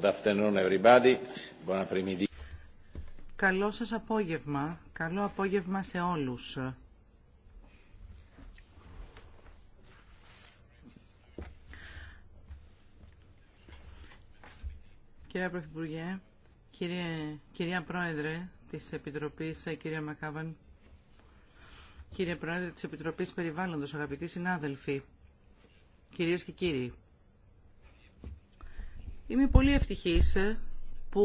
Good Καλό σας απόγευμα. Καλό απόγευμα σε όλους. Κύριε Πρωθυπουργέ, κύριε, κυρία Πρόεδρε της Επιτροπής, κυρία Μακάβαν, κύριε Πρόεδρε της Επιτροπής Περιβάλλοντος, αγαπητοί συνάδελφοι, κυρίες και κύριοι, Είμαι πολύ ευτυχής ε, που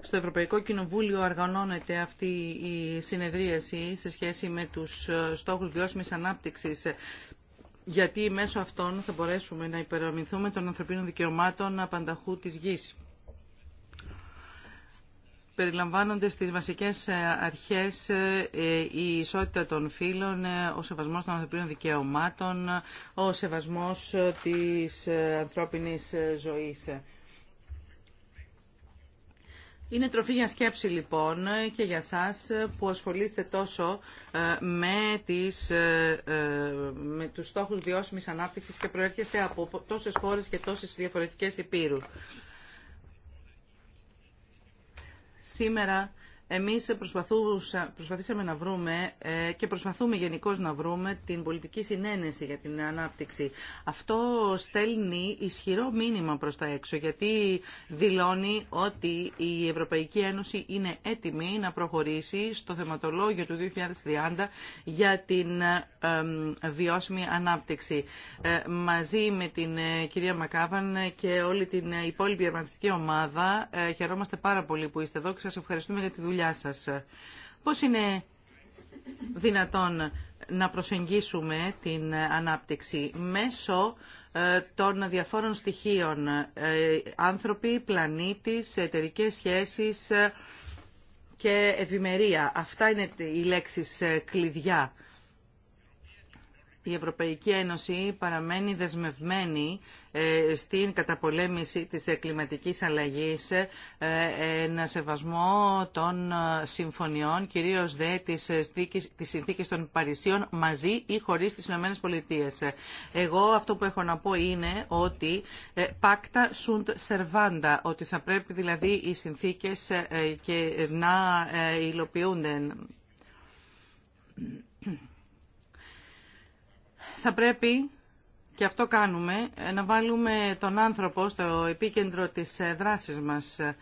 στο Ευρωπαϊκό Κοινοβούλιο αργανώνεται αυτή η συνεδρίαση σε σχέση με τους ε, στόχους βιώσιμης ανάπτυξης ε, γιατί μέσω αυτών θα μπορέσουμε να υπεραμεινθούμε των ανθρωπίνων δικαιωμάτων απανταχού της γης περιλαμβάνονται στις βασικές ε, αρχές ε, ε, η ισότητα των φύλων, ο σεβασμός των ανθρωπίνων δικαιωμάτων, ο σεβασμός της ανθρώπινης ζωής. Είναι τροφή για σκέψη λοιπόν και για σας που ασχολείστε τόσο με, τις, με τους στόχους βιώσιμης ανάπτυξης και προέρχεστε από τόσες χώρες και τόσες διαφορετικές υπήρου σήμερα εμείς προσπαθήσαμε να βρούμε ε, και προσπαθούμε γενικώ να βρούμε την πολιτική συνένεση για την ανάπτυξη. Αυτό στέλνει ισχυρό μήνυμα προς τα έξω γιατί δηλώνει ότι η Ευρωπαϊκή Ένωση είναι έτοιμη να προχωρήσει στο θεματολόγιο του 2030 για την βιώσιμη ανάπτυξη. Ε, μαζί με την ε, κυρία Μακάβαν και όλη την υπόλοιπη ομάδα χαιρόμαστε πάρα πολύ που είστε εδώ και σας ευχαριστούμε για τη δουλειά δουλειά σας. Πώς είναι δυνατόν να προσεγγίσουμε την ανάπτυξη μέσω ε, των διαφόρων στοιχείων. Ε, άνθρωποι, πλανήτης, εταιρικές σχέσεις ε, και ευημερία. Αυτά είναι οι λέξεις κλειδιά η Ευρωπαϊκή Ένωση παραμένει δεσμευμένη ε, στην καταπολέμηση της κλιματικής αλλαγής ε, ένα σεβασμό των ε, συμφωνιών, κυρίως δε της, της συνθήκης των Παρισίων μαζί ή χωρίς τις ΗΠΑ. Εγώ αυτό που έχω να πω είναι ότι pacta sunt servanda, ότι θα πρέπει δηλαδή οι συνθήκες και να υλοποιούνται θα πρέπει, και αυτό κάνουμε, να βάλουμε τον άνθρωπο στο επίκεντρο της ε, δράσης μας, ε,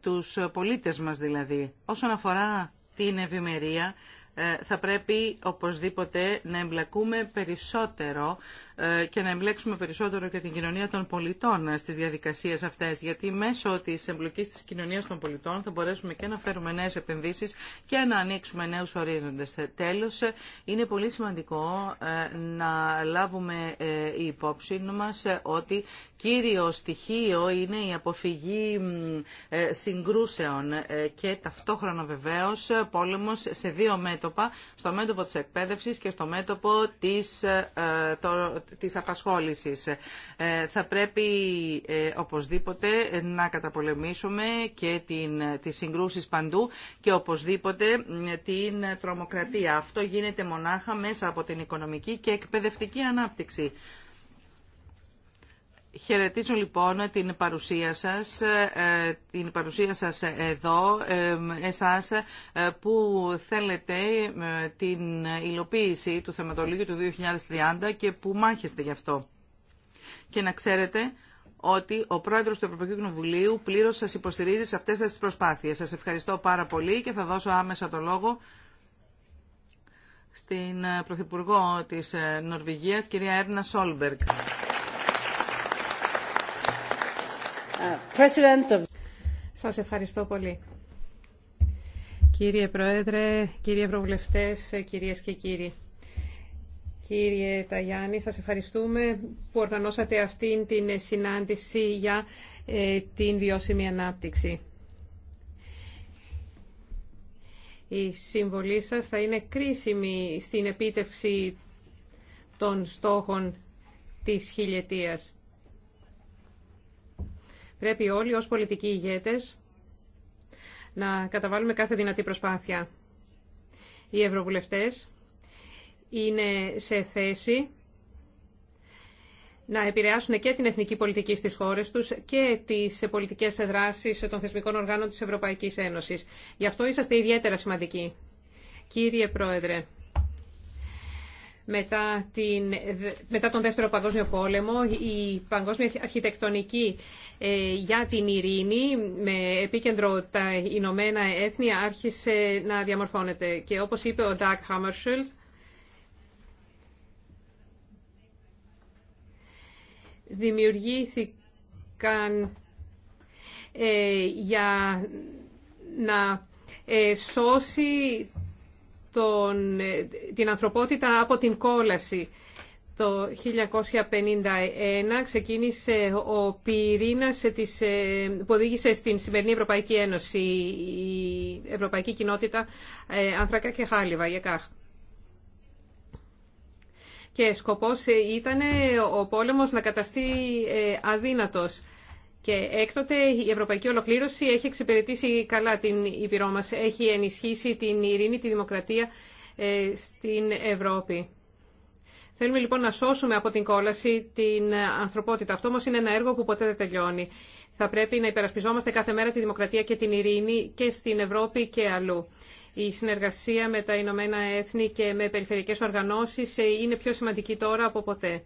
τους πολίτες μας δηλαδή. Όσον αφορά την ευημερία, ε, θα πρέπει οπωσδήποτε να εμπλακούμε περισσότερο ε, και να εμπλέξουμε περισσότερο και την κοινωνία των πολιτών ε, στις διαδικασίες αυτές, γιατί μέσω της εμπλοκής της κοινωνίας των πολιτών θα μπορέσουμε και να φέρουμε νέες επενδύσεις και να ανοίξουμε νέους ορίζοντες. Τέλος, είναι πολύ σημαντικό να λάβουμε υπόψη μας ότι κύριο στοιχείο είναι η αποφυγή ε, συγκρούσεων ε, και ταυτόχρονα βεβαίως πόλεμος σε δύο μέτωπα, στο μέτωπο της εκπαίδευσης και στο μέτωπο της, ε, της απασχόλησης. Θα πρέπει οπωσδήποτε να καταπολεμήσουμε και την, τις συγκρούσεις παντού και οπωσδήποτε την τρομοκρατία. Αυτό γίνεται μονάχα μέσα από την οικονομική και εκπαιδευτική ανάπτυξη. Χαιρετίζω λοιπόν την παρουσία σας, ε, την παρουσία σας εδώ, ε, εσάς ε, που θέλετε την υλοποίηση του θεματολόγιου του 2030 και που μάχεστε γι' αυτό. Και να ξέρετε ότι ο πρόεδρος του Ευρωπαϊκού Κοινοβουλίου πλήρως σας υποστηρίζει σε αυτές τις προσπάθειες. Σας ευχαριστώ πάρα πολύ και θα δώσω άμεσα το λόγο στην Πρωθυπουργό της Νορβηγίας, κυρία Έρνα Σόλμπεργκ. Σας ευχαριστώ πολύ. Κύριε Πρόεδρε, κύριε Ευρωβουλευτές, κυρίες και κύριοι. Κύριε Ταγιάννη, σας ευχαριστούμε που οργανώσατε αυτήν την συνάντηση για ε, την βιώσιμη ανάπτυξη. Η συμβολή σας θα είναι κρίσιμη στην επίτευξη των στόχων της χιλιετίας. Πρέπει όλοι ως πολιτικοί ηγέτες να καταβάλουμε κάθε δυνατή προσπάθεια. Οι ευρωβουλευτές είναι σε θέση να επηρεάσουν και την εθνική πολιτική στις χώρες τους και τις πολιτικές δράσεις των θεσμικών οργάνων της Ευρωπαϊκής Ένωσης. Γι' αυτό είσαστε ιδιαίτερα σημαντικοί. Κύριε Πρόεδρε, μετά, την, μετά τον Δεύτερο Παγκόσμιο Πόλεμο, η παγκόσμια αρχιτεκτονική ε, για την ειρήνη με επίκεντρο τα Ηνωμένα Έθνη άρχισε να διαμορφώνεται. Και όπως είπε ο Ντάκ Χάμερσουλτ, δημιουργήθηκαν ε, για να ε, σώσει τον, ε, την ανθρωπότητα από την κόλαση. Το 1951 ξεκίνησε ο πυρήνας ε, που οδήγησε στην σημερινή Ευρωπαϊκή Ένωση, η Ευρωπαϊκή Κοινότητα Ανθρακά ε, και Χάλιβα, η ΕΚΑΧ. Και σκοπός ήταν ο πόλεμος να καταστεί αδύνατος και έκτοτε η ευρωπαϊκή ολοκλήρωση έχει εξυπηρετήσει καλά την Ήπειρό μα. Έχει ενισχύσει την ειρήνη, τη δημοκρατία ε, στην Ευρώπη. Θέλουμε λοιπόν να σώσουμε από την κόλαση την ανθρωπότητα. Αυτό όμω είναι ένα έργο που ποτέ δεν τελειώνει. Θα πρέπει να υπερασπιζόμαστε κάθε μέρα τη δημοκρατία και την ειρήνη και στην Ευρώπη και αλλού. Η συνεργασία με τα Ηνωμένα Έθνη και με περιφερειακές οργανώσεις ε, είναι πιο σημαντική τώρα από ποτέ.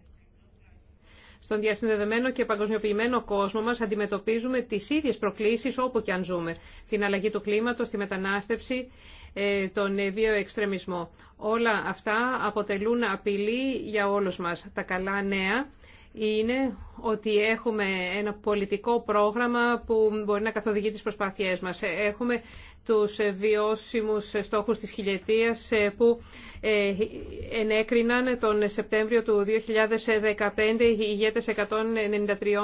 Στον διασυνδεδεμένο και παγκοσμιοποιημένο κόσμο μας αντιμετωπίζουμε τις ίδιε προκλήσεις όπου και αν ζούμε. Την αλλαγή του κλίματο, τη μετανάστευση, ε, τον ε, βίαιο Όλα αυτά αποτελούν απειλή για όλους μας. Τα καλά νέα είναι ότι έχουμε ένα πολιτικό πρόγραμμα που μπορεί να καθοδηγεί τις προσπάθειές μας. Έχουμε τους βιώσιμους στόχους της χιλιετίας ε, που ε, ενέκριναν τον Σεπτέμβριο του 2015 οι ηγέτες 193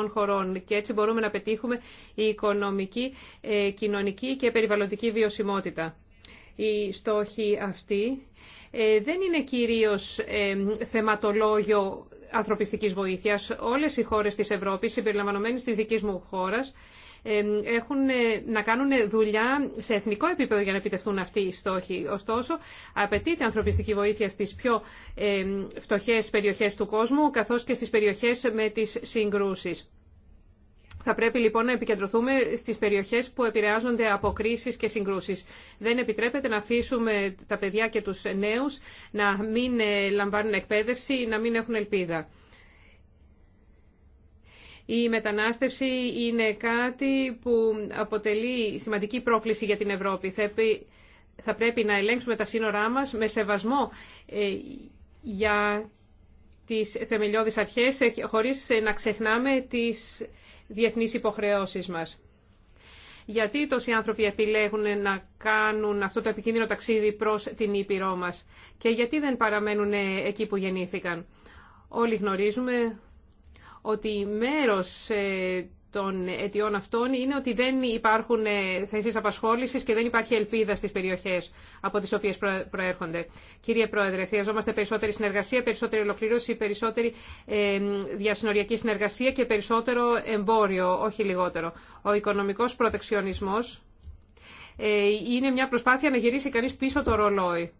χωρών και έτσι μπορούμε να πετύχουμε η οικονομική, ε, κοινωνική και περιβαλλοντική βιωσιμότητα. Οι στόχοι αυτοί δεν είναι κυρίως θεματολόγιο Ανθρωπιστική βοήθεια, Όλες οι χώρες της Ευρώπης, συμπεριλαμβανομένε της δική μου χώρας, έχουν ε, να κάνουν δουλειά σε εθνικό επίπεδο για να επιτευχθούν αυτοί οι στόχοι. Ωστόσο, απαιτείται ανθρωπιστική βοήθεια στις πιο φτωχές περιοχές του κόσμου, καθώς και στις περιοχές με τις συγκρούσεις. Θα πρέπει λοιπόν να επικεντρωθούμε στις περιοχές που επηρεάζονται από κρίσεις και συγκρούσεις. Δεν επιτρέπεται να αφήσουμε τα παιδιά και τους νέους να μην ε, λαμβάνουν εκπαίδευση ή να μην έχουν ελπίδα. Η μετανάστευση είναι κάτι που αποτελεί σημαντική πρόκληση για την Ευρώπη. Θα πρέπει να ελέγξουμε τα σύνορά μας με σεβασμό ε, για τις θεμελιώδεις αρχές, ε, χωρίς να ξεχνάμε τις διεθνείς υποχρεώσεις μας. Γιατί τόσοι άνθρωποι επιλέγουν να κάνουν αυτό το επικίνδυνο ταξίδι προς την Ήπειρό μας και γιατί δεν παραμένουν εκεί που γεννήθηκαν. Όλοι γνωρίζουμε ότι μέρος ε, των αιτιών αυτών είναι ότι δεν υπάρχουν ε, θέσεις απασχόλησης και δεν υπάρχει ελπίδα στις περιοχές από τις οποίες προέρχονται. Κύριε Πρόεδρε, χρειαζόμαστε περισσότερη συνεργασία, περισσότερη ολοκλήρωση, περισσότερη διασυνοριακή συνεργασία και περισσότερο εμπόριο, όχι λιγότερο. Ο οικονομικός προτεξιονισμός ε, είναι μια προσπάθεια να γυρίσει κανείς πίσω το ρολόι.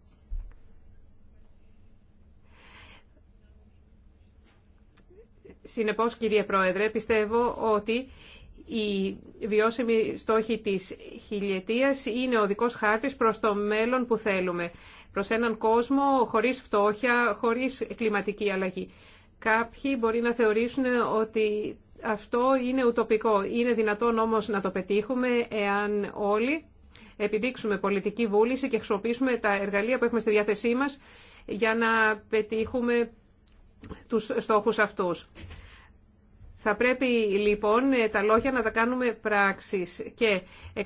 Συνεπώς, κύριε Πρόεδρε, πιστεύω ότι η βιώσιμη στόχη της χιλιετίας είναι ο δικός χάρτης προς το μέλλον που θέλουμε. Προς έναν κόσμο χωρίς φτώχεια, χωρίς κλιματική αλλαγή. Κάποιοι μπορεί να θεωρήσουν ότι αυτό είναι ουτοπικό. Είναι δυνατόν όμως να το πετύχουμε εάν όλοι επιδείξουμε πολιτική βούληση και χρησιμοποιήσουμε τα εργαλεία που έχουμε στη διάθεσή μας για να πετύχουμε τους στόχους αυτούς. Θα πρέπει λοιπόν τα λόγια να τα κάνουμε πράξεις και 193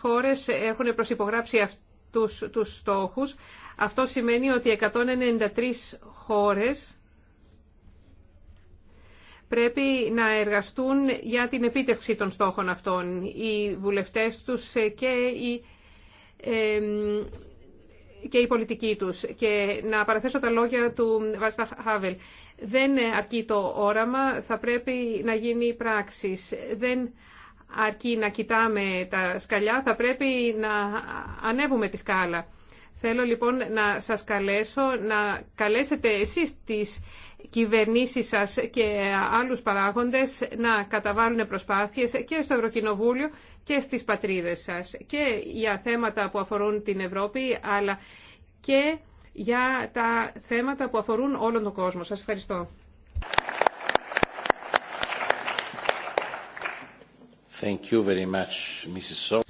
χώρες έχουν προσυπογράψει αυτούς τους στόχους. Αυτό σημαίνει ότι 193 χώρες πρέπει να εργαστούν για την επίτευξη των στόχων αυτών. Οι βουλευτές τους και οι και η πολιτική τους. Και να παραθέσω τα λόγια του Βάστα Χάβελ. Δεν αρκεί το όραμα, θα πρέπει να γίνει πράξη. Δεν αρκεί να κοιτάμε τα σκαλιά, θα πρέπει να ανέβουμε τη σκάλα. Θέλω λοιπόν να σας καλέσω να καλέσετε εσείς τις κυβερνήσεις σας και άλλους παράγοντες να καταβάλουν προσπάθειες και στο Ευρωκοινοβούλιο και στις πατρίδες σας και για θέματα που αφορούν την Ευρώπη αλλά και για τα θέματα που αφορούν όλον τον κόσμο. Σας ευχαριστώ. Thank you very much, Mrs. Σας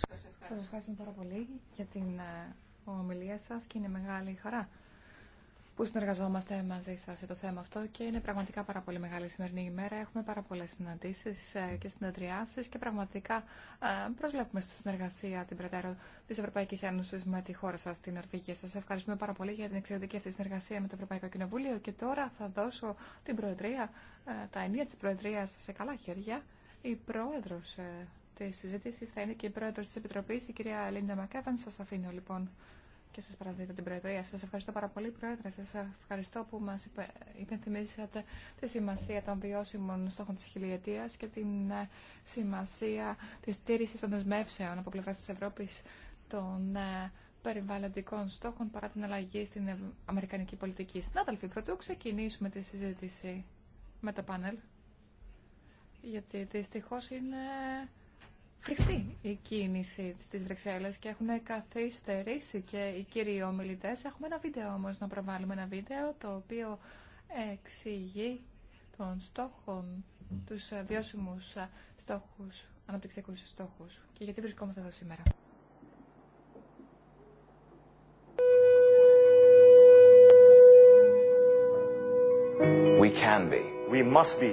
ευχαριστώ πάρα πολύ για την ε, ομιλία σας και είναι μεγάλη χαρά που συνεργαζόμαστε μαζί σα για το θέμα αυτό και είναι πραγματικά πάρα πολύ μεγάλη η σημερινή ημέρα. Έχουμε πάρα πολλέ συναντήσει ε, και συνεδριάσει και πραγματικά ε, προσβλέπουμε στη συνεργασία την περαιτέρω τη Ευρωπαϊκή Ένωση με τη χώρα σα την Νορβηγία. σα. ευχαριστούμε πάρα πολύ για την εξαιρετική αυτή συνεργασία με το Ευρωπαϊκό Κοινοβούλιο και τώρα θα δώσω την Προεδρία, ε, τα ενία τη Προεδρίας σε καλά χέρια. Η πρόεδρο τη συζήτηση, θα είναι και η πρόεδρο τη Επιτροπή, η κυρία Λίντα Μακέβαν. Σα αφήνω λοιπόν και σας παραδίδω την Προεδρία. Σας ευχαριστώ πάρα πολύ, Πρόεδρε. Σας ευχαριστώ που μας υπενθυμίσατε τη σημασία των βιώσιμων στόχων της χιλιετίας και την ε, σημασία της στήριξης των δεσμεύσεων από πλευρά της Ευρώπης των ε, περιβαλλοντικών στόχων παρά την αλλαγή στην αμερικανική πολιτική. Συνάδελφοι, πρωτού ξεκινήσουμε τη συζήτηση με το πάνελ, γιατί δυστυχώ είναι φρικτή η κίνηση στις Βρυξέλλες και έχουν καθυστερήσει και οι κύριοι ομιλητέ. Έχουμε ένα βίντεο όμως να προβάλλουμε ένα βίντεο το οποίο εξηγεί των στόχων, τους βιώσιμους στόχους, αναπτυξιακούς στόχους και γιατί βρισκόμαστε εδώ σήμερα. We can be. We must be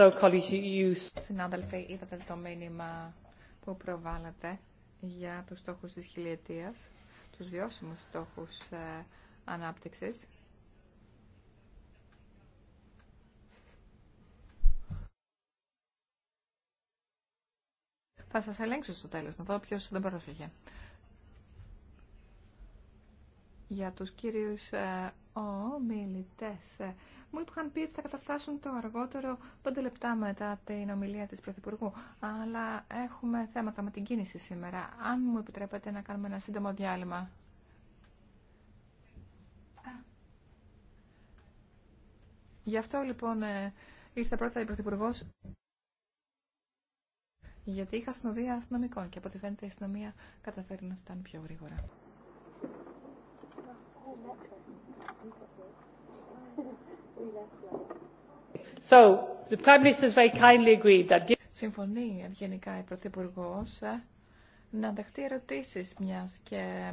Συνάδελφοι, είδατε το μήνυμα που προβάλλατε για τους στόχους της χιλιετίας, τους βιώσιμους στόχους ε, ανάπτυξης. Θα σας ελέγξω στο τέλος, να δω ποιος δεν πρόσφυγε. Για τους κύριους ε, μιλητέ. μου είπαν πει ότι θα καταφτάσουν το αργότερο πέντε λεπτά μετά την ομιλία τη Πρωθυπουργού. Αλλά έχουμε θέματα με την κίνηση σήμερα. Αν μου επιτρέπετε να κάνουμε ένα σύντομο διάλειμμα. Γι' αυτό λοιπόν ε, ήρθε πρώτα η Πρωθυπουργό. Γιατί είχα συνοδεία αστυνομικών και από ό,τι φαίνεται η αστυνομία καταφέρει να φτάνει πιο γρήγορα. So, the Prime Minister very kindly agreed that... Συμφωνεί ευγενικά η Πρωθυπουργό ε, να δεχτεί ερωτήσει, μια και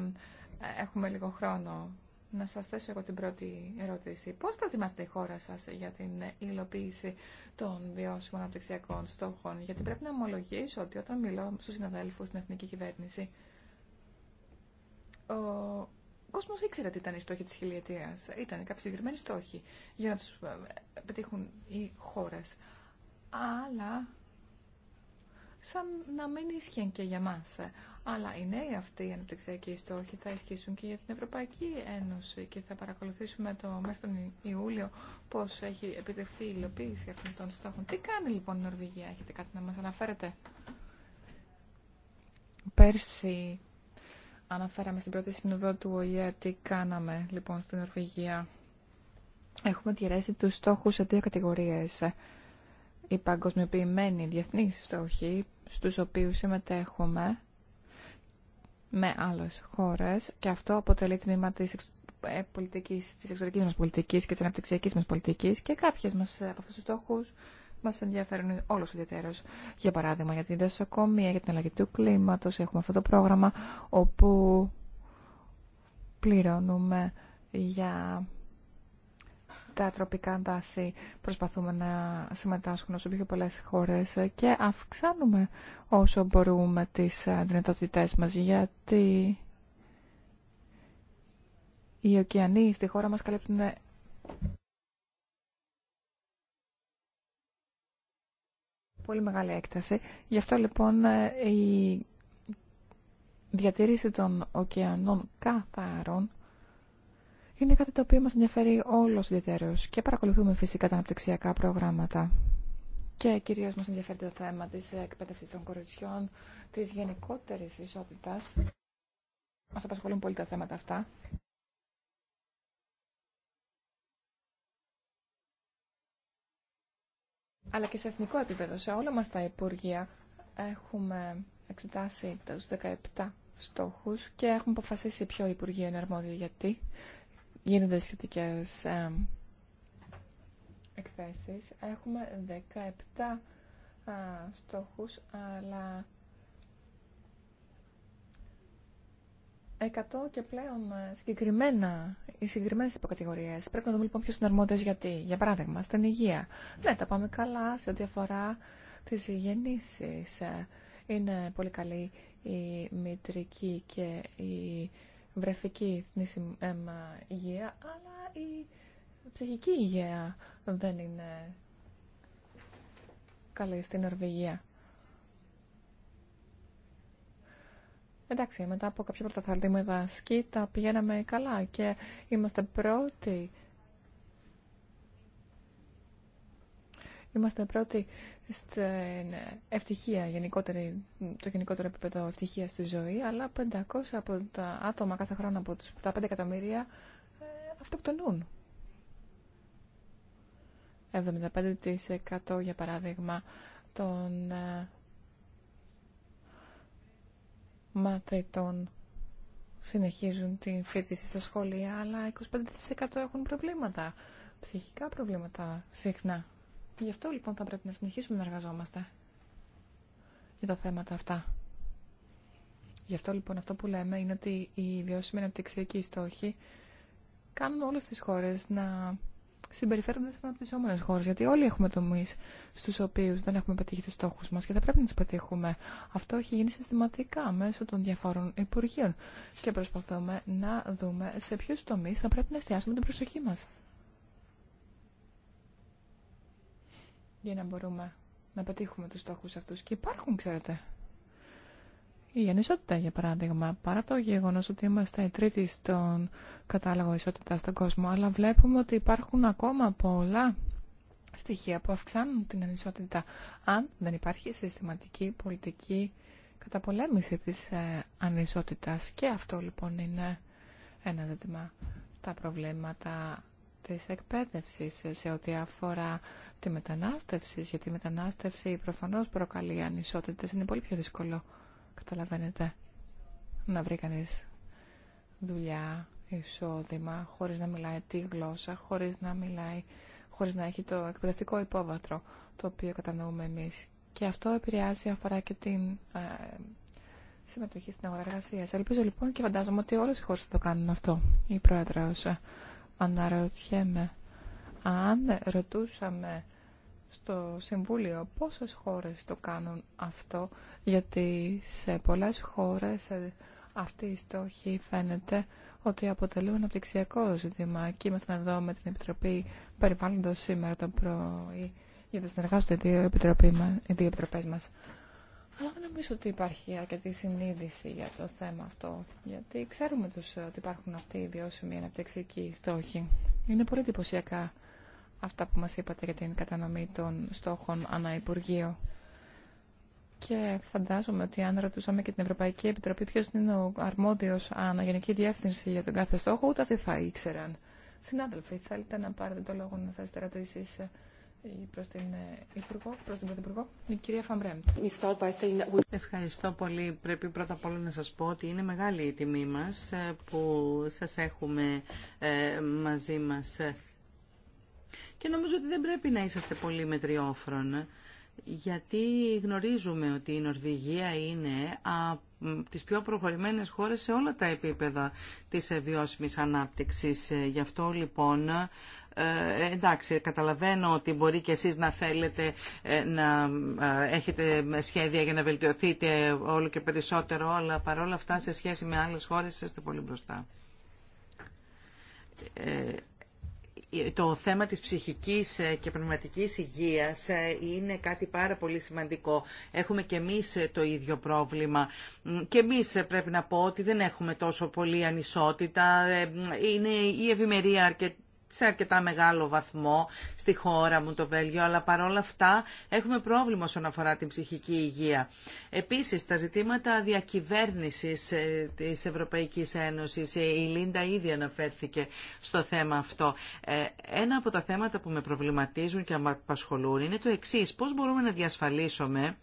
ε, έχουμε λίγο χρόνο. Να σα θέσω εγώ την πρώτη ερώτηση. Πώ προετοιμάστε η χώρα σα για την υλοποίηση των βιώσιμων αναπτυξιακών στόχων, Γιατί πρέπει να ομολογήσω ότι όταν μιλώ στου συναδέλφου στην εθνική κυβέρνηση, ο κόσμο ήξερε τι ήταν οι στόχοι τη χιλιετία. Ήταν κάποιοι συγκεκριμένοι στόχοι για να του ε, πετύχουν οι χώρε. Αλλά σαν να μην ίσχυαν και για μας. Αλλά οι νέοι αυτοί οι αναπτυξιακοί στόχοι θα ισχύσουν και για την Ευρωπαϊκή Ένωση και θα παρακολουθήσουμε το, μέχρι τον Ιούλιο πώς έχει επιτευχθεί η υλοποίηση αυτών των στόχων. Τι κάνει λοιπόν η Νορβηγία, έχετε κάτι να μας αναφέρετε. Πέρσι Αναφέραμε στην πρώτη συνοδό του ΟΗΕ τι κάναμε λοιπόν στην Νορβηγία. Έχουμε διαιρέσει τους στόχους σε δύο κατηγορίες. Οι παγκοσμιοποιημένοι διεθνείς στόχοι, στους οποίους συμμετέχουμε με άλλες χώρες και αυτό αποτελεί τμήμα της, εξ... Ε, πολιτικής, της εξωτερικής μας πολιτικής και της αναπτυξιακής μας πολιτικής και κάποιες μας από αυτούς τους στόχους μα ενδιαφέρουν ο ιδιαίτερω. Για παράδειγμα, για την δασοκομεία, για την αλλαγή του κλίματο, έχουμε αυτό το πρόγραμμα όπου πληρώνουμε για τα τροπικά δάση προσπαθούμε να συμμετάσχουν όσο πιο πολλές χώρες και αυξάνουμε όσο μπορούμε τις ε, δυνατότητές μας γιατί οι ωκεανοί στη χώρα μας καλύπτουν πολύ μεγάλη έκταση. Γι' αυτό λοιπόν ε, η διατήρηση των ωκεανών καθαρών είναι κάτι το οποίο μας ενδιαφέρει όλος ιδιαίτερος και παρακολουθούμε φυσικά τα αναπτυξιακά προγράμματα. Και κυρίως μας ενδιαφέρει το θέμα της εκπαίδευσης των κοριτσιών, της γενικότερης ισότητας. Μας απασχολούν πολύ τα θέματα αυτά. αλλά και σε εθνικό επίπεδο, σε όλα μας τα Υπουργεία, έχουμε εξετάσει τους 17 στόχους και έχουμε αποφασίσει ποιο Υπουργείο είναι αρμόδιο γιατί γίνονται σχετικές ε, εκθέσεις. Έχουμε 17 στόχους, αλλά 100 και πλέον ε, συγκεκριμένα, οι συγκεκριμένε υποκατηγορίε. Πρέπει να δούμε λοιπόν ποιο είναι αρμόδιο γιατί. Για παράδειγμα, στην υγεία. Ναι, τα πάμε καλά σε ό,τι αφορά τι γεννήσει. Ε, είναι πολύ καλή η μητρική και η βρεφική υγεία, αλλά η ψυχική υγεία δεν είναι καλή στην Νορβηγία. Εντάξει, μετά από κάποια με σκι τα πηγαίναμε καλά και είμαστε πρώτοι. Είμαστε πρώτοι στην ευτυχία, γενικότερη, το γενικότερο επίπεδο ευτυχία στη ζωή, αλλά 500 από τα άτομα κάθε χρόνο από τους, τα 5 εκατομμύρια ε, αυτοκτονούν. 75% για παράδειγμα των ε, μαθητών συνεχίζουν την φίτηση στα σχολεία, αλλά 25% έχουν προβλήματα, ψυχικά προβλήματα συχνά. Γι' αυτό λοιπόν θα πρέπει να συνεχίσουμε να εργαζόμαστε για τα θέματα αυτά. Γι' αυτό λοιπόν αυτό που λέμε είναι ότι οι βιώσιμοι αναπτυξιακοί στόχοι κάνουν όλες τις χώρες να συμπεριφέρονται σαν αναπτυσσόμενε χώρε. Γιατί όλοι έχουμε τομεί στου οποίου δεν έχουμε πετύχει του στόχου μα και θα πρέπει να του πετύχουμε. Αυτό έχει γίνει συστηματικά μέσω των διαφόρων υπουργείων. Και προσπαθούμε να δούμε σε ποιου τομεί θα πρέπει να εστιάσουμε την προσοχή μα. Για να μπορούμε να πετύχουμε του στόχου αυτού. Και υπάρχουν, ξέρετε, η ανισότητα, για παράδειγμα, παρά το γεγονό ότι είμαστε οι τρίτοι στον κατάλογο ισότητα στον κόσμο, αλλά βλέπουμε ότι υπάρχουν ακόμα πολλά στοιχεία που αυξάνουν την ανισότητα αν δεν υπάρχει συστηματική πολιτική καταπολέμηση της ε, ανισότητας. Και αυτό λοιπόν είναι ένα ζήτημα. Τα προβλήματα της εκπαίδευσης σε ό,τι αφορά τη μετανάστευση, γιατί η μετανάστευση προφανώς προκαλεί ανισότητες, είναι πολύ πιο δύσκολο καταλαβαίνετε, να βρει κανεί δουλειά, εισόδημα, χωρίς να μιλάει τη γλώσσα, χωρίς να μιλάει, χωρίς να έχει το εκπαιδευτικό υπόβαθρο το οποίο κατανοούμε εμείς. Και αυτό επηρεάζει αφορά και την ε, συμμετοχή στην αγορά εργασία. Ελπίζω λοιπόν και φαντάζομαι ότι όλες οι χώρες θα το κάνουν αυτό. Η Πρόεδρος ε, αναρωτιέμαι αν ρωτούσαμε στο Συμβούλιο πόσες χώρες το κάνουν αυτό, γιατί σε πολλές χώρες ε, αυτή η στόχη φαίνεται ότι αποτελούν αναπτυξιακό ζήτημα και ήμασταν εδώ με την Επιτροπή Περιβάλλοντος σήμερα το πρωί γιατί συνεργάζονται οι δύο, οι δύο επιτροπές μας. Αλλά δεν νομίζω ότι υπάρχει αρκετή συνείδηση για το θέμα αυτό, γιατί ξέρουμε τους, ε, ότι υπάρχουν αυτοί οι βιώσιμοι αναπτυξιακοί στόχοι. Είναι πολύ εντυπωσιακά αυτά που μας είπατε για την κατανομή των στόχων ανά Υπουργείο. Και φαντάζομαι ότι αν ρωτούσαμε και την Ευρωπαϊκή Επιτροπή ποιο είναι ο αρμόδιο αναγενική διεύθυνση για τον κάθε στόχο, ούτε αυτοί θα ήξεραν. Συνάδελφοι, θέλετε να πάρετε το λόγο να θέσετε ερωτήσει ε, προ την ε, Υπουργό, προ την Πρωθυπουργό, η κυρία Φαμπρέμπτ. Ευχαριστώ πολύ. Πρέπει πρώτα απ' όλα να σα πω ότι είναι μεγάλη η τιμή μα ε, που σα έχουμε μαζί μα και νομίζω ότι δεν πρέπει να είσαστε πολύ μετριόφρον γιατί γνωρίζουμε ότι η Νορβηγία είναι από τις πιο προχωρημένες χώρες σε όλα τα επίπεδα της ε, βιώσιμης ανάπτυξης. Ε, γι' αυτό λοιπόν ε, εντάξει, καταλαβαίνω ότι μπορεί και εσείς να θέλετε ε, να έχετε σχέδια για να βελτιωθείτε όλο και περισσότερο, αλλά παρόλα αυτά σε σχέση με άλλες χώρες είστε πολύ μπροστά το θέμα της ψυχικής ε, και πνευματικής υγείας ε, είναι κάτι πάρα πολύ σημαντικό. Έχουμε και εμείς ε, το ίδιο πρόβλημα. Και εμείς πρέπει να πω ότι δεν έχουμε τόσο πολύ ανισότητα. Είναι η ευημερία αρκετή σε αρκετά μεγάλο βαθμό στη χώρα μου το Βέλγιο, αλλά παρόλα αυτά έχουμε πρόβλημα όσον αφορά την ψυχική υγεία. Επίσης, τα ζητήματα διακυβέρνησης ε, της Ευρωπαϊκής Ένωσης, ε, η Λίντα ήδη αναφέρθηκε στο θέμα αυτό. Ε, ένα από τα θέματα που με προβληματίζουν και με απασχολούν είναι το εξής. Πώς μπορούμε να διασφαλίσουμε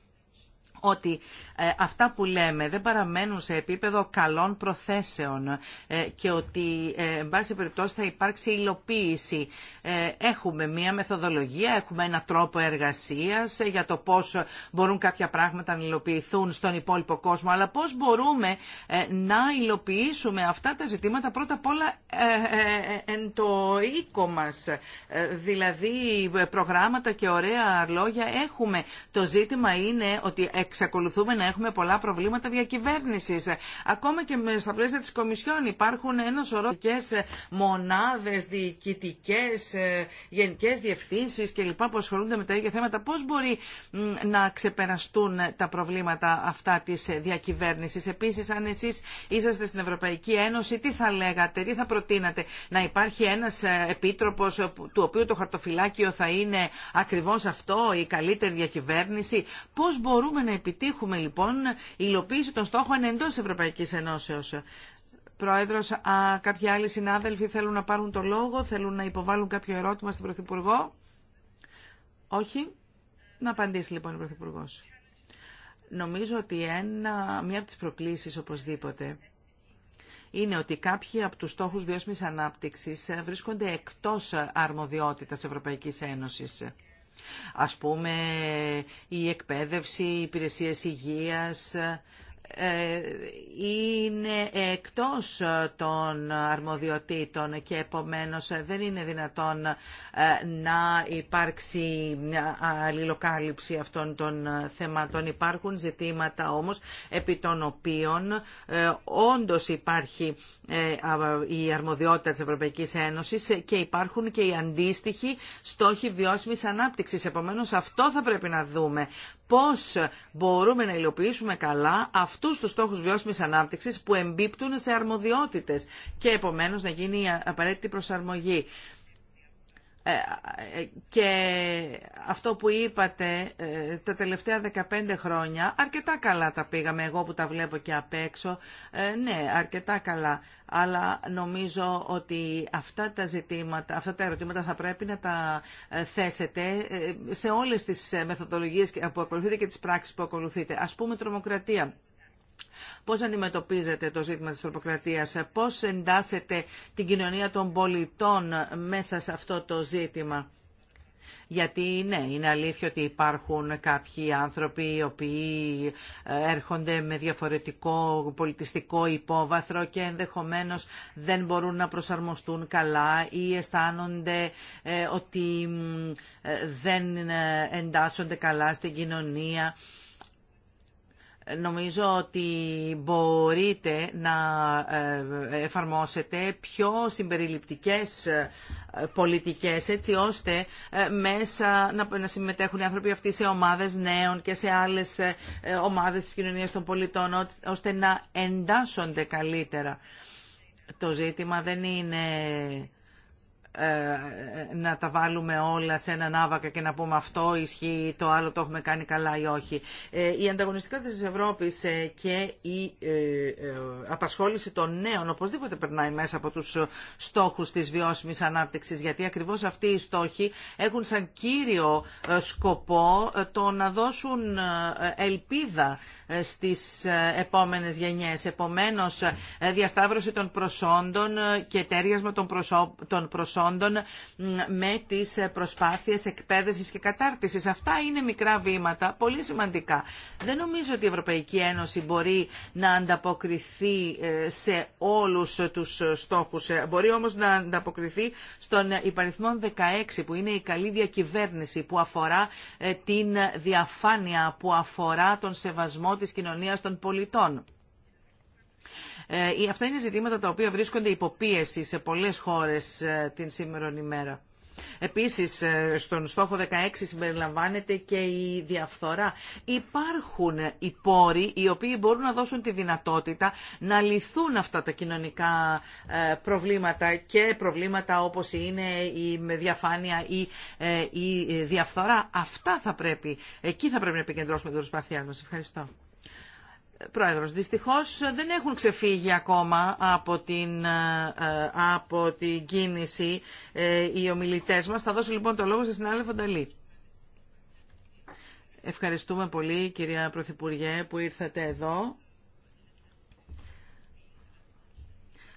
ότι ε, αυτά που λέμε δεν παραμένουν σε επίπεδο καλών προθέσεων ε, και ότι, ε, εν πάση περιπτώσει, θα υπάρξει υλοποίηση. Έχουμε μία μεθοδολογία, έχουμε ένα τρόπο εργασίας για το πώς μπορούν κάποια πράγματα να υλοποιηθούν στον υπόλοιπο κόσμο, αλλά πώς μπορούμε να υλοποιήσουμε αυτά τα ζητήματα πρώτα απ' όλα εν το οίκο μας. Δηλαδή, προγράμματα και ωραία λόγια έχουμε. Το ζήτημα είναι ότι εξακολουθούμε να έχουμε πολλά προβλήματα διακυβέρνηση. Ακόμα και στα πλαίσια τη Κομισιόν υπάρχουν ένα σωρό ε, μονάδες διοικητικές, ε, γενικές διευθύνσει κλπ. που ασχολούνται με τα ίδια θέματα. πώ μπορεί να ξεπεραστούν τα προβλήματα αυτά τη ε, διακυβέρνηση. Επίση, αν εσεί είσαστε στην Ευρωπαϊκή Ένωση, τι θα λέγατε, τι θα προτείνατε. Να υπάρχει ένα επίτροπο του οποίου το χαρτοφυλάκιο θα είναι ακριβώ αυτό, η καλύτερη διακυβέρνηση. Πώ μπορούμε να επιτύχουμε λοιπόν υλοποίηση των στόχων εντό Ευρωπαϊκής Ενώσεω. Πρόεδρος, κάποιοι άλλοι συνάδελφοι θέλουν να πάρουν το λόγο, θέλουν να υποβάλουν κάποιο ερώτημα στον Πρωθυπουργό. Όχι. Να απαντήσει λοιπόν ο Πρωθυπουργός. Νομίζω ότι ένα, μία από τις προκλήσεις οπωσδήποτε είναι ότι κάποιοι από τους στόχους βιώσιμης ανάπτυξης ε, βρίσκονται εκτός αρμοδιότητας Ευρωπαϊκής Ένωσης. Ας πούμε η εκπαίδευση, οι υπηρεσίες υγείας, ε, είναι εκτός ε, των αρμοδιοτήτων και επομένως ε, δεν είναι δυνατόν να υπάρξει αλληλοκάλυψη αυτών των θεμάτων. Υπάρχουν ζητήματα όμως επί των οποίων όντως υπάρχει η αρμοδιότητα της Ευρωπαϊκής Ένωσης και υπάρχουν και οι αντίστοιχοι στόχοι βιώσιμης ανάπτυξης. Επομένως αυτό θα πρέπει να δούμε πώς μπορούμε να υλοποιήσουμε καλά αυτούς τους στόχους βιώσιμης ανάπτυξης που εμπίπτουν σε αρμοδιότητες και επομένως να γίνει η απαραίτητη προσαρμογή. Ε, ε, και αυτό που είπατε ε, τα τελευταία 15 χρόνια αρκετά καλά τα πήγαμε εγώ που τα βλέπω και απ' έξω ναι αρκετά καλά αλλά νομίζω ότι αυτά τα ζητήματα, αυτά τα ερωτήματα θα πρέπει να τα θέσετε σε όλες τις μεθοδολογίες που ακολουθείτε και τις πράξεις που ακολουθείτε. Ας πούμε τρομοκρατία. Πώς αντιμετωπίζετε το ζήτημα της τροποκρατίας, πώς εντάσσετε την κοινωνία των πολιτών μέσα σε αυτό το ζήτημα. Γιατί ναι, είναι αλήθεια ότι υπάρχουν κάποιοι άνθρωποι οι οποίοι ε, έρχονται με διαφορετικό πολιτιστικό υπόβαθρο και ενδεχομένως δεν μπορούν να προσαρμοστούν καλά ή αισθάνονται ε, ότι ε, δεν εντάσσονται καλά στην κοινωνία Νομίζω ότι μπορείτε να ε, εφαρμόσετε πιο συμπεριληπτικές ε, πολιτικές έτσι ώστε ε, μέσα να συμμετέχουν οι άνθρωποι αυτοί σε ομάδες νέων και σε άλλες ομάδες της κοινωνίας των πολιτών ώστε να εντάσσονται καλύτερα. Το ζήτημα δεν είναι ε, να τα βάλουμε όλα σε έναν άβακα και να πούμε αυτό ισχύει, το άλλο το έχουμε κάνει καλά ή όχι. Ε, η ανταγωνιστικότητα της Ευρώπης ε, και η απασχόληση των νέων οπωσδήποτε περνάει μέσα από τους στόχους της βιώσιμης ανάπτυξης γιατί ακριβώς αυτοί οι στόχοι έχουν σαν κύριο σκοπό το να δώσουν ελπίδα ε, στις ε, επόμενες γενιές. Επομένως, ε, διασταύρωση των προσόντων και τέριασμα των προσόντων με τις προσπάθειες εκπαίδευσης και κατάρτισης. Αυτά είναι μικρά βήματα, πολύ σημαντικά. Δεν νομίζω ότι η Ευρωπαϊκή Ένωση μπορεί να ανταποκριθεί σε όλους τους στόχους. Μπορεί όμως να ανταποκριθεί στον υπαριθμό 16 που είναι η καλή διακυβέρνηση που αφορά την διαφάνεια, που αφορά τον σεβασμό της κοινωνίας των πολιτών. Ε, αυτά είναι ζητήματα τα οποία βρίσκονται υποπίεση σε πολλές χώρες ε, την σήμερα ημέρα. Επίσης, ε, στον στόχο 16 συμπεριλαμβάνεται και η διαφθορά. Υπάρχουν οι πόροι οι οποίοι μπορούν να δώσουν τη δυνατότητα να λυθούν αυτά τα κοινωνικά ε, προβλήματα και προβλήματα όπως είναι η διαφάνεια ή η διαφθορά. Αυτά θα πρέπει, εκεί θα πρέπει να επικεντρώσουμε την προσπάθειά μας. Ευχαριστώ. Πρόεδρος, δυστυχώς δεν έχουν ξεφύγει ακόμα από την, ε, από την κίνηση ε, οι ομιλητές μας. Θα δώσω λοιπόν το λόγο σε συνάδελφο Νταλή. Ευχαριστούμε πολύ κυρία Πρωθυπουργέ που ήρθατε εδώ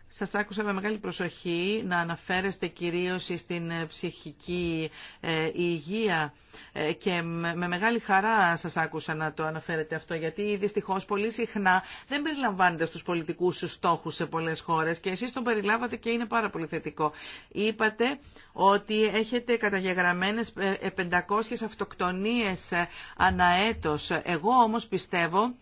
Σας άκουσα με μεγάλη προσοχή να αναφέρεστε κυρίως στην ε, ψυχική ε, υγεία ε, και με μεγάλη χαρά σας άκουσα να το αναφέρετε αυτό γιατί δυστυχώς πολύ συχνά δεν περιλαμβάνεται στους πολιτικούς στόχους σε πολλές χώρες και εσείς τον περιλάβατε και είναι πάρα πολύ θετικό. Είπατε ότι έχετε καταγεγραμμένες 500 αυτοκτονίες αναέτο, Εγώ όμως πιστεύω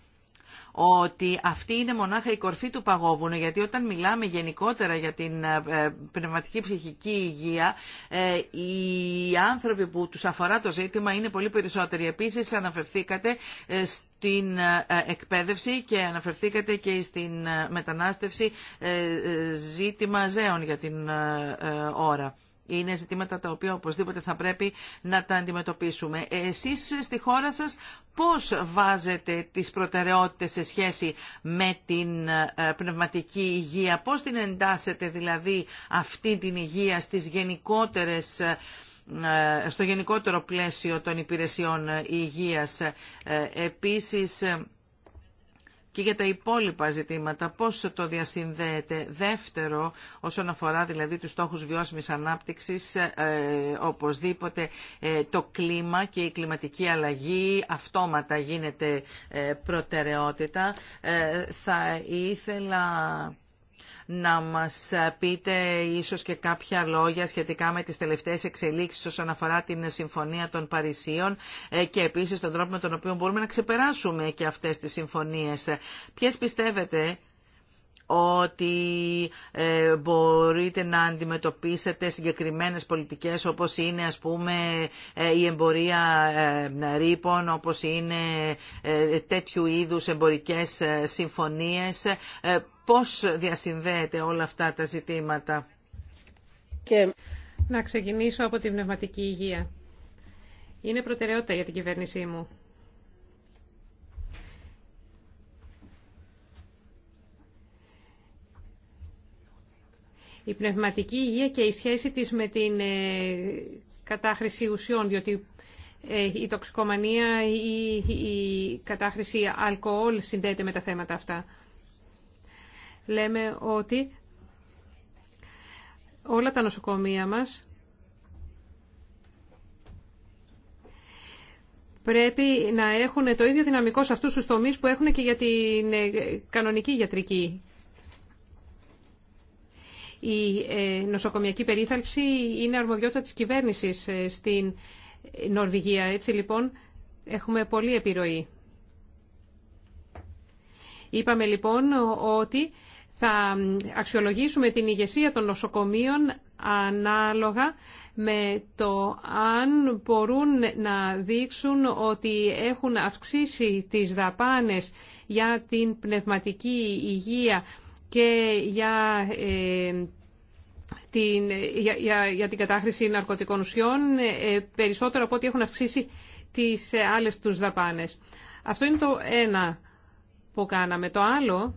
ότι αυτή είναι μονάχα η κορφή του παγόβουνου, γιατί όταν μιλάμε γενικότερα για την ε, πνευματική ψυχική υγεία, ε, οι άνθρωποι που τους αφορά το ζήτημα είναι πολύ περισσότεροι. Επίσης αναφερθήκατε ε, στην εκπαίδευση και αναφερθήκατε και στην μετανάστευση ζήτημα ζέων για την ώρα. Είναι ζητήματα τα οποία οπωσδήποτε θα πρέπει να τα αντιμετωπίσουμε. Εσείς στη χώρα σας πώς βάζετε τις προτεραιότητες σε σχέση με την ε, πνευματική υγεία, πώς την εντάσσετε δηλαδή αυτή την υγεία στις γενικότερες ε, ε, στο γενικότερο πλαίσιο των υπηρεσιών υγείας. Επίσης, και για τα υπόλοιπα ζητήματα, πώς το διασυνδέεται. Δεύτερο, όσον αφορά δηλαδή τους στόχους βιώσιμης ανάπτυξης, ε, οπωσδήποτε ε, το κλίμα και η κλιματική αλλαγή αυτόματα γίνεται ε, προτεραιότητα. Ε, θα ήθελα να μας πείτε ίσως και κάποια λόγια σχετικά με τις τελευταίες εξελίξεις όσον αφορά την Συμφωνία των Παρισίων ε, και επίσης τον τρόπο με τον οποίο μπορούμε να ξεπεράσουμε και αυτές τις συμφωνίες. Ποιες πιστεύετε ότι ε, μπορείτε να αντιμετωπίσετε συγκεκριμένες πολιτικές όπως είναι ας πούμε ε, η εμπορία ρήπων, όπως είναι τέτοιου είδους εμπορικές συμφωνίες πώς διασυνδέεται όλα αυτά τα ζητήματα. Να ξεκινήσω από την πνευματική υγεία. Είναι προτεραιότητα για την κυβέρνησή μου. Η πνευματική υγεία και η σχέση της με την ε, κατάχρηση ουσιών, διότι ε, η τοξικομανία ή η κατάχρηση αλκοόλ συνδέεται με τα θέματα αυτά λέμε ότι όλα τα νοσοκομεία μας πρέπει να έχουν το ίδιο δυναμικό σε αυτούς τους τομείς που έχουν και για την ε, κανονική γιατρική. Η ε, νοσοκομιακή περίθαλψη είναι αρμοδιότητα της κυβέρνησης ε, στην Νορβηγία. Έτσι λοιπόν έχουμε πολλή επιρροή. Είπαμε λοιπόν ότι θα αξιολογήσουμε την ηγεσία των νοσοκομείων ανάλογα με το αν μπορούν να δείξουν ότι έχουν αυξήσει τις δαπάνες για την πνευματική υγεία και για, ε, την, για, για, την κατάχρηση ναρκωτικών ουσιών ε, περισσότερο από ό,τι έχουν αυξήσει τις ε, άλλες τους δαπάνες. Αυτό είναι το ένα που κάναμε. Το άλλο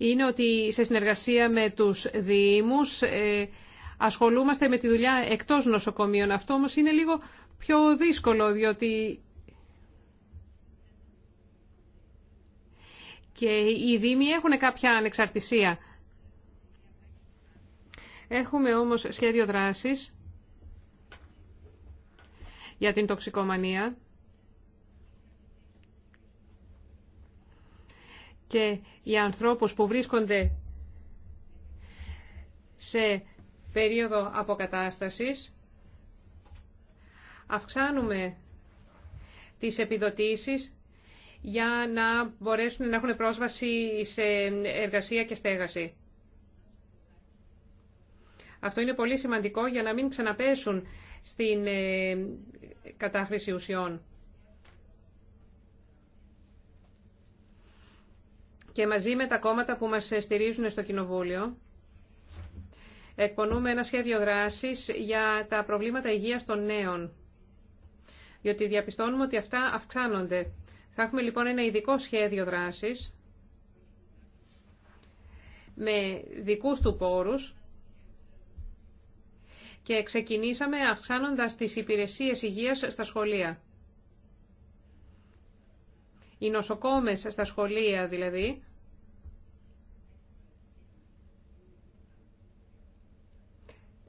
είναι ότι σε συνεργασία με τους Δήμους ε, ασχολούμαστε με τη δουλειά εκτός νοσοκομείων. Αυτό όμως είναι λίγο πιο δύσκολο, διότι και οι Δήμοι έχουν κάποια ανεξαρτησία. Έχουμε όμως σχέδιο δράσης για την τοξικομανία. και οι ανθρώπους που βρίσκονται σε περίοδο αποκατάστασης. Αυξάνουμε τις επιδοτήσεις για να μπορέσουν να έχουν πρόσβαση σε εργασία και στέγαση. Αυτό είναι πολύ σημαντικό για να μην ξαναπέσουν στην ε, κατάχρηση ουσιών. και μαζί με τα κόμματα που μας στηρίζουν στο Κοινοβούλιο εκπονούμε ένα σχέδιο δράσης για τα προβλήματα υγείας των νέων. Διότι διαπιστώνουμε ότι αυτά αυξάνονται. Θα έχουμε λοιπόν ένα ειδικό σχέδιο δράσης με δικούς του πόρους και ξεκινήσαμε αυξάνοντας τις υπηρεσίες υγείας στα σχολεία οι νοσοκόμες στα σχολεία δηλαδή,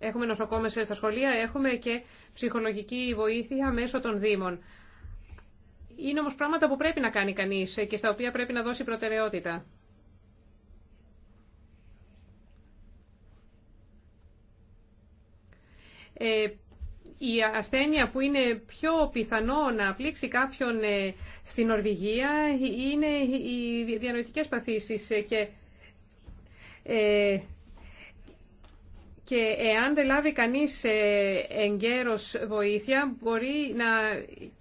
Έχουμε νοσοκόμες στα σχολεία, έχουμε και ψυχολογική βοήθεια μέσω των Δήμων. Είναι όμως πράγματα που πρέπει να κάνει κανείς και στα οποία πρέπει να δώσει προτεραιότητα. Ε, η ασθένεια που είναι πιο πιθανό να πλήξει κάποιον ε, στην Νορβηγία είναι οι διανοητικές παθήσεις ε, και, ε, και εάν δεν λάβει κανείς ε, εγκαίρως βοήθεια μπορεί να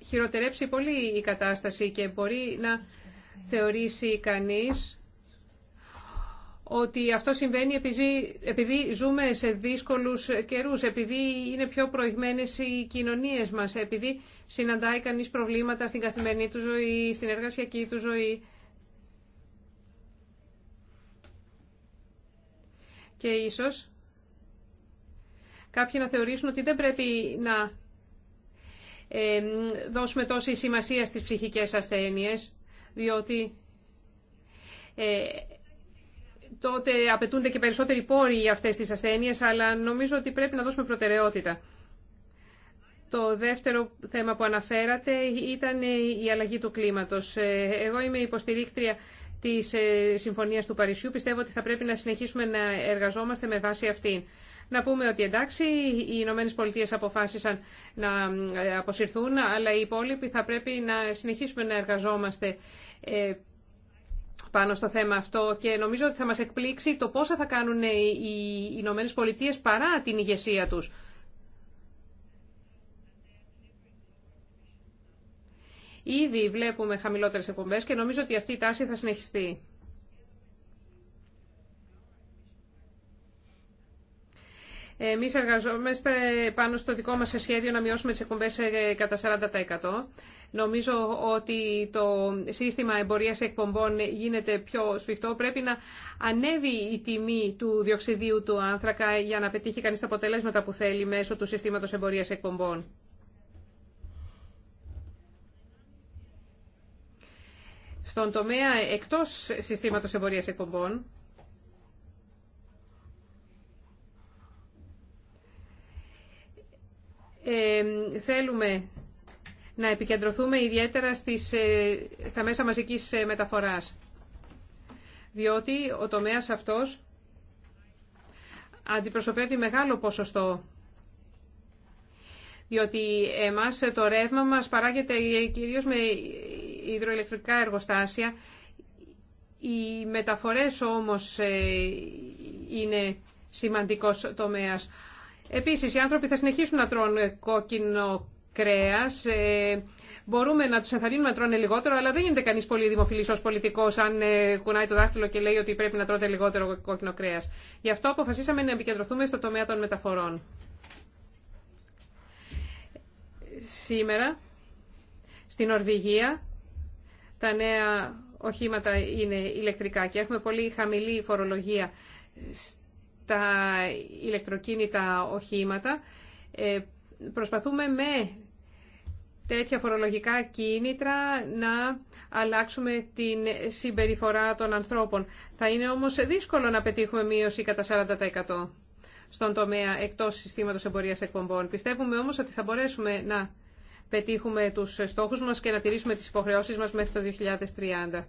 χειροτερέψει πολύ η κατάσταση και μπορεί να θεωρήσει κανείς ότι αυτό συμβαίνει επειδή ζούμε σε δύσκολους καιρούς, επειδή είναι πιο προηγμένες οι κοινωνίες μας, επειδή συναντάει κανείς προβλήματα στην καθημερινή του ζωή, στην εργασιακή του ζωή. Και ίσως κάποιοι να θεωρήσουν ότι δεν πρέπει να δώσουμε τόση σημασία στις ψυχικές ασθένειες, διότι ε, τότε απαιτούνται και περισσότεροι πόροι για αυτές τις ασθένειες, αλλά νομίζω ότι πρέπει να δώσουμε προτεραιότητα. Το δεύτερο θέμα που αναφέρατε ήταν η αλλαγή του κλίματος. Ε, εγώ είμαι υποστηρίκτρια της ε, Συμφωνίας του Παρισιού. Πιστεύω ότι θα πρέπει να συνεχίσουμε να εργαζόμαστε με βάση αυτήν. Να πούμε ότι εντάξει, οι Ηνωμένε Πολιτείε αποφάσισαν να ε, αποσυρθούν, αλλά οι υπόλοιποι θα πρέπει να συνεχίσουμε να εργαζόμαστε πάνω στο θέμα αυτό και νομίζω ότι θα μας εκπλήξει το πόσα θα κάνουν οι Ηνωμένε Πολιτείες παρά την ηγεσία τους. Ήδη βλέπουμε χαμηλότερες εκπομπές και νομίζω ότι αυτή η τάση θα συνεχιστεί. Εμεί εργαζόμαστε πάνω στο δικό μας σχέδιο να μειώσουμε τι εκπομπέ ε, κατά 40%. Νομίζω ότι το σύστημα εμπορίας εκπομπών γίνεται πιο σφιχτό. Πρέπει να ανέβει η τιμή του διοξιδίου του άνθρακα για να πετύχει κανείς τα αποτελέσματα που θέλει μέσω του συστήματος εμπορίας εκπομπών. Στον τομέα εκτός συστήματος εμπορίας εκπομπών, Ε, θέλουμε να επικεντρωθούμε ιδιαίτερα στις, ε, στα μέσα μαζικής ε, μεταφοράς. Διότι ο τομέας αυτός αντιπροσωπεύει μεγάλο ποσοστό. Διότι εμάς το ρεύμα μας παράγεται κυρίως με υδροελεκτρικά εργοστάσια. Οι μεταφορές όμως είναι σημαντικός τομέας. Επίσης, οι άνθρωποι θα συνεχίσουν να τρώνε κόκκινο κρέας. Ε, μπορούμε να τους ενθαρρύνουμε να τρώνε λιγότερο, αλλά δεν γίνεται κανείς πολύ δημοφιλής ως πολιτικός αν ε, κουνάει το δάχτυλο και λέει ότι πρέπει να τρώτε λιγότερο κόκκινο κρέας. Γι' αυτό αποφασίσαμε να επικεντρωθούμε στο τομέα των μεταφορών. Σήμερα, στην Ορβηγία, τα νέα οχήματα είναι ηλεκτρικά και έχουμε πολύ χαμηλή φορολογία τα ηλεκτροκίνητα οχήματα. Ε, προσπαθούμε με τέτοια φορολογικά κίνητρα να αλλάξουμε την συμπεριφορά των ανθρώπων. Θα είναι όμως δύσκολο να πετύχουμε μείωση κατά 40% στον τομέα εκτός συστήματος εμπορίας εκπομπών. Πιστεύουμε όμως ότι θα μπορέσουμε να πετύχουμε τους στόχους μας και να τηρήσουμε τις υποχρεώσεις μας μέχρι το 2030.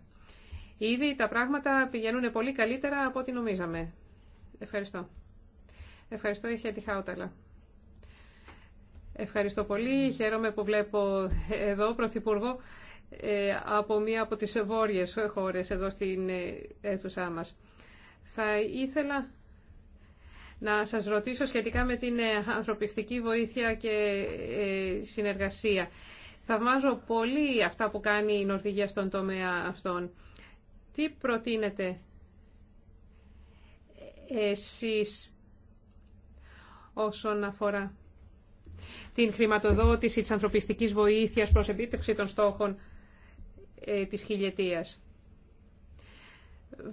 Ήδη τα πράγματα πηγαίνουν πολύ καλύτερα από ό,τι νομίζαμε. Ευχαριστώ. Ευχαριστώ, η τη Χάουταλα. Ευχαριστώ πολύ. Χαίρομαι που βλέπω εδώ Πρωθυπουργό ε, από μία από τις βόρειες χώρες εδώ στην ε, αίθουσά μας. Θα ήθελα να σας ρωτήσω σχετικά με την ε, ανθρωπιστική βοήθεια και συνεργασία. Θαυμάζω πολύ αυτά που κάνει η Νορβηγία στον τομέα αυτών. Τι προτείνετε εσείς όσον αφορά την χρηματοδότηση της ανθρωπιστικής βοήθειας προς επίτευξη των στόχων ε, της χιλιετίας.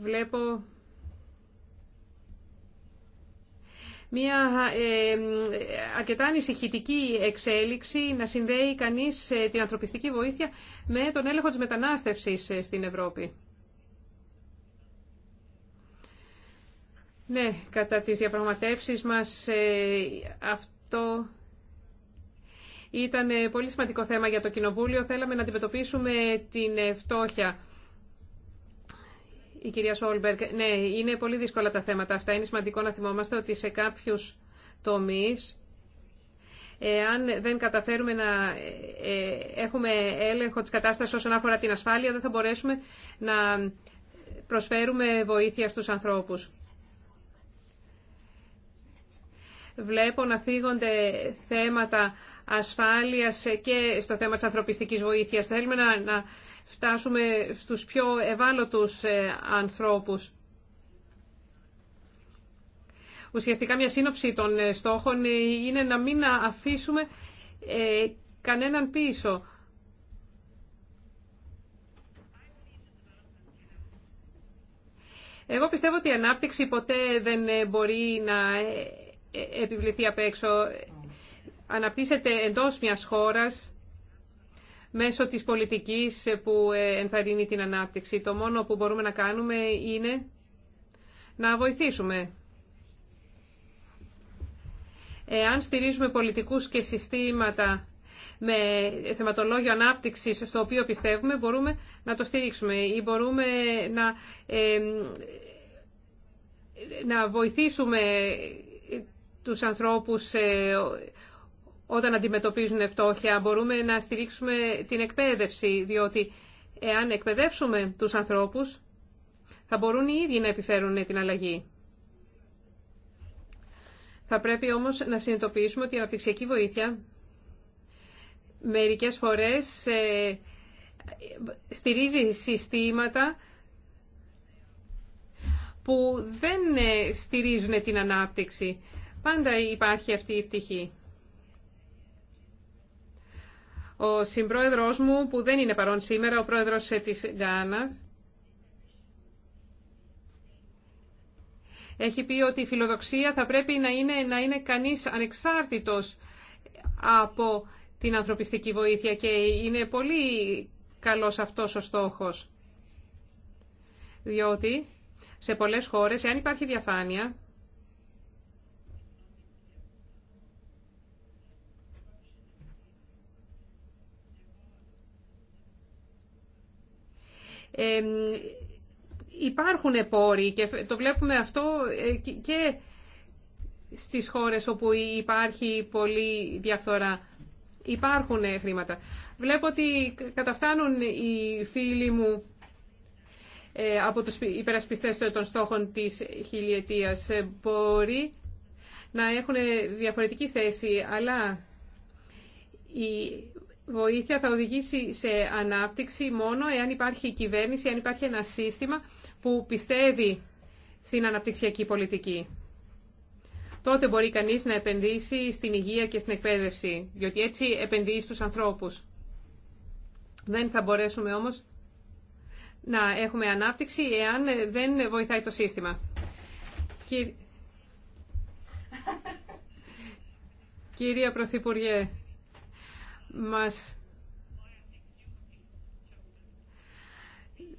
Βλέπω μια ε, αρκετά ανησυχητική εξέλιξη να συνδέει κανείς ε, την ανθρωπιστική βοήθεια με τον έλεγχο της μετανάστευσης στην Ευρώπη. Ναι, κατά τις διαπραγματεύσεις μας ε, αυτό ήταν ε, πολύ σημαντικό θέμα για το Κοινοβούλιο. Θέλαμε να αντιμετωπίσουμε την ε, φτώχεια. Η κυρία Σόλμπεργκ, ναι, είναι πολύ δύσκολα τα θέματα αυτά. Είναι σημαντικό να θυμόμαστε ότι σε κάποιους τομείς, εάν δεν καταφέρουμε να έχουμε έλεγχο της κατάστασης όσον αφορά την ασφάλεια, δεν θα μπορέσουμε να προσφέρουμε βοήθεια στους ανθρώπους. βλέπω να θίγονται θέματα ασφάλειας και στο θέμα της ανθρωπιστικής βοήθειας. Θέλουμε να, να φτάσουμε στους πιο ευάλωτους ε, ανθρώπους. Ουσιαστικά μια σύνοψη των ε, στόχων είναι να μην αφήσουμε ε, κανέναν πίσω. Εγώ πιστεύω ότι η ανάπτυξη ποτέ δεν μπορεί να ε, επιβληθεί απ' έξω. Αναπτύσσεται εντός μιας χώρας μέσω της πολιτικής που ε, ενθαρρύνει την ανάπτυξη. Το μόνο που μπορούμε να κάνουμε είναι να βοηθήσουμε. Εάν στηρίζουμε πολιτικούς και συστήματα με θεματολόγιο ανάπτυξης στο οποίο πιστεύουμε, μπορούμε να το στηρίξουμε ή μπορούμε να, ε, να βοηθήσουμε τους ανθρώπους ε, όταν αντιμετωπίζουν φτώχεια. Μπορούμε να στηρίξουμε την εκπαίδευση, διότι εάν εκπαιδεύσουμε τους ανθρώπους, θα μπορούν οι ίδιοι να επιφέρουν την αλλαγή. Θα πρέπει όμως να συνειδητοποιήσουμε ότι η αναπτυξιακή βοήθεια μερικές φορές ε, στηρίζει συστήματα που δεν ε, στηρίζουν την ανάπτυξη. Πάντα υπάρχει αυτή η πτυχή. Ο συμπρόεδρος μου, που δεν είναι παρόν σήμερα, ο πρόεδρος της Γκάνας, έχει πει ότι η φιλοδοξία θα πρέπει να είναι, να είναι κανείς ανεξάρτητος από την ανθρωπιστική βοήθεια και είναι πολύ καλός αυτός ο στόχος. Διότι σε πολλές χώρες, εάν υπάρχει διαφάνεια, υπάρχουν πόροι και το βλέπουμε αυτό ε, και στις χώρες όπου υπάρχει πολλή διαφθορά. Υπάρχουν ε, χρήματα. Βλέπω ότι καταφτάνουν οι φίλοι μου ε, από τους υπερασπιστές των στόχων της χιλιετίας. Μπορεί να έχουν διαφορετική θέση, αλλά η βοήθεια θα οδηγήσει σε ανάπτυξη μόνο εάν υπάρχει κυβέρνηση, εάν υπάρχει ένα σύστημα που πιστεύει στην αναπτυξιακή πολιτική. Τότε μπορεί κανείς να επενδύσει στην υγεία και στην εκπαίδευση, διότι έτσι επενδύει στους ανθρώπους. Δεν θα μπορέσουμε όμως να έχουμε ανάπτυξη εάν δεν βοηθάει το σύστημα. Κύριε Πρωθυπουργέ, μας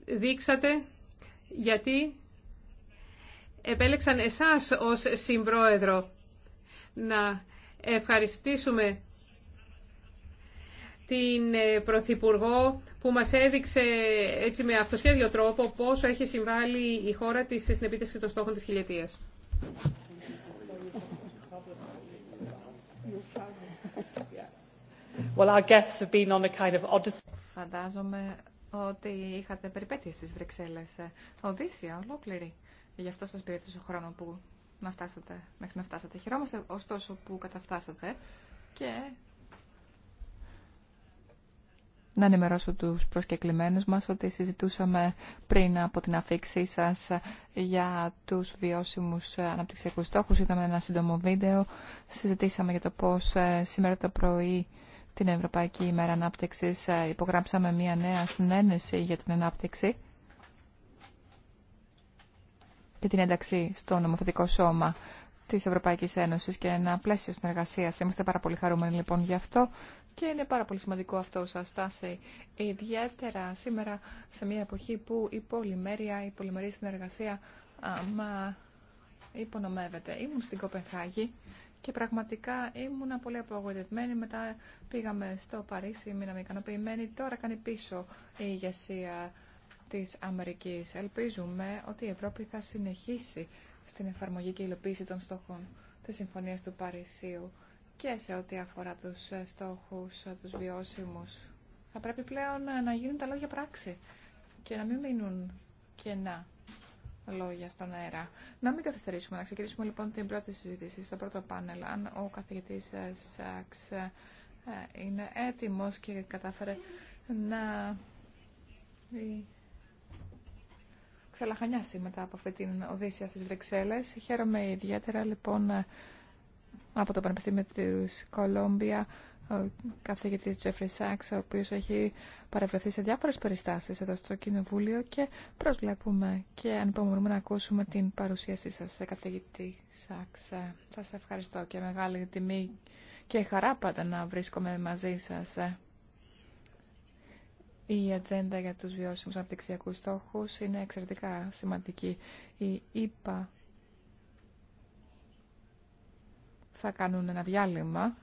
δείξατε γιατί επέλεξαν εσάς ως συμπρόεδρο να ευχαριστήσουμε την ε, Πρωθυπουργό που μας έδειξε έτσι με αυτοσχέδιο τρόπο πόσο έχει συμβάλει η χώρα της στην επίτευξη των στόχων της χιλιετίας. Well, our guests have been on a kind of odyssey. Φαντάζομαι ότι είχατε περιπέτειες στις Βρυξέλλες. Οδύσσια ολόκληρη. Γι' αυτό σας πήρε τόσο χρόνο που να φτάσατε, μέχρι να φτάσατε. Χαιρόμαστε ωστόσο που καταφτάσατε και να ενημερώσω τους προσκεκλημένους μας ότι συζητούσαμε πριν από την αφήξή σας για τους βιώσιμους αναπτυξιακούς στόχους. Είδαμε ένα σύντομο βίντεο, συζητήσαμε για το πώς ε, σήμερα το πρωί την Ευρωπαϊκή ημέρα ανάπτυξης ε, υπογράψαμε μια νέα συνένεση για την ανάπτυξη και την ένταξη στο νομοθετικό σώμα της Ευρωπαϊκής Ένωσης και ένα πλαίσιο συνεργασίας. Είμαστε πάρα πολύ χαρούμενοι λοιπόν γι' αυτό και είναι πάρα πολύ σημαντικό αυτό σας στάση. Ιδιαίτερα σήμερα σε μια εποχή που η πολυμέρεια, η πολυμερή συνεργασία μα υπονομεύεται. Ήμουν στην Κοπενχάγη και πραγματικά ήμουν πολύ απογοητευμένη. Μετά πήγαμε στο Παρίσι, μείναμε ικανοποιημένοι. Τώρα κάνει πίσω η ηγεσία της Αμερικής. Ελπίζουμε ότι η Ευρώπη θα συνεχίσει στην εφαρμογή και υλοποίηση των στόχων της Συμφωνίας του Παρισίου και σε ό,τι αφορά τους στόχους, τους βιώσιμους. Θα πρέπει πλέον να γίνουν τα λόγια πράξη και να μην μείνουν κενά λόγια στον αέρα. Να μην καθυστερήσουμε, να ξεκινήσουμε λοιπόν την πρώτη συζήτηση στο πρώτο πάνελ. Αν ο καθηγητής ε, Σάξ ε, είναι έτοιμο και κατάφερε να ξελαχανιάσει μετά από αυτή την Οδύσσια στις Βρυξέλλες. Χαίρομαι ιδιαίτερα λοιπόν ε, από το Πανεπιστήμιο της Κολόμπια ο καθηγητής Τζέφρι Σάξ, ο οποίος έχει παρευρεθεί σε διάφορες περιστάσεις εδώ στο Κοινοβούλιο και προσβλέπουμε και ανυπομονούμε να ακούσουμε την παρουσίασή σας, ε, καθηγητή Σάξ. Ε, σας ευχαριστώ και μεγάλη τιμή και χαρά πάντα να βρίσκομαι μαζί σας. Ε. Η ατζέντα για τους βιώσιμους αναπτυξιακούς στόχους είναι εξαιρετικά σημαντική. Η ΕΠΑ θα κάνουν ένα διάλειμμα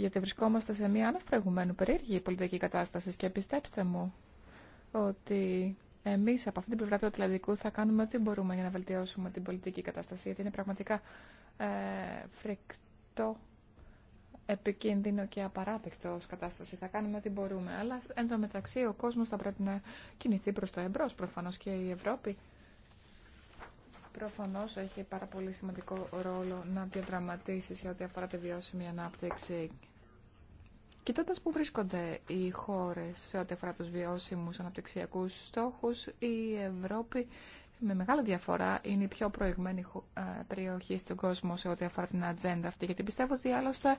γιατί βρισκόμαστε σε μια αναφραγουμένου περίεργη πολιτική κατάσταση και πιστέψτε μου ότι εμείς από αυτή την πλευρά του Ατλαντικού θα κάνουμε ό,τι μπορούμε για να βελτιώσουμε την πολιτική κατάσταση, γιατί είναι πραγματικά ε, φρικτό, επικίνδυνο και απαράδεκτο ως κατάσταση. Θα κάνουμε ό,τι μπορούμε, αλλά εν τω μεταξύ ο κόσμος θα πρέπει να κινηθεί προς το εμπρός προφανώς και η Ευρώπη. Προφανώ έχει πάρα πολύ σημαντικό ρόλο να διαδραματίσει σε ό,τι αφορά τη βιώσιμη ανάπτυξη Κοιτώντα που βρίσκονται οι χώρε σε ό,τι αφορά του βιώσιμου αναπτυξιακού στόχου, η Ευρώπη με μεγάλη διαφορά είναι η πιο προηγμένη ε, περιοχή στον κόσμο σε ό,τι αφορά την ατζέντα αυτή. Γιατί πιστεύω ότι άλλωστε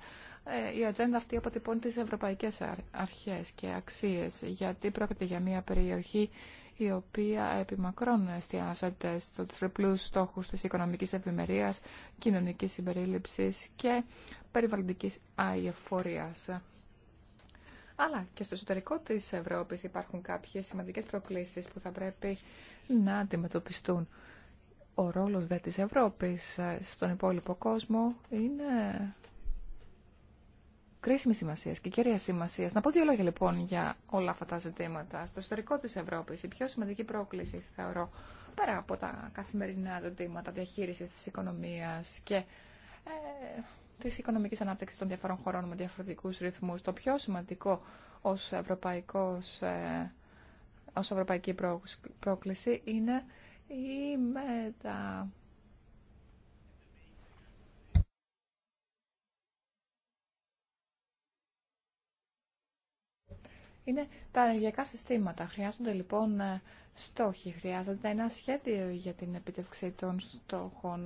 ε, η ατζέντα αυτή αποτυπώνει τι ευρωπαϊκέ αρχέ και αξίε. Γιατί πρόκειται για μια περιοχή η οποία επιμακρών εστιάζεται στου τριπλού στόχου τη οικονομική ευημερία, κοινωνική συμπερίληψη και περιβαλλοντική αηφορία. Αλλά και στο εσωτερικό της Ευρώπης υπάρχουν κάποιες σημαντικές προκλήσεις που θα πρέπει να αντιμετωπιστούν. Ο ρόλος δε της Ευρώπης ε, στον υπόλοιπο κόσμο είναι κρίσιμη σημασία και κυρία σημασία. Να πω δύο λόγια λοιπόν για όλα αυτά τα ζητήματα. Στο εσωτερικό τη Ευρώπη, η πιο σημαντική πρόκληση, θεωρώ, πέρα από τα καθημερινά ζητήματα διαχείριση τη οικονομία και ε, τη οικονομική ανάπτυξη των διαφορών χωρών με διαφορετικού ρυθμού. Το πιο σημαντικό ω ε, ως ευρωπαϊκή πρόκληση είναι η μετα... Είναι τα ενεργειακά συστήματα. Χρειάζονται λοιπόν ε, στόχοι. Χρειάζεται ένα σχέδιο για την επίτευξη των στόχων.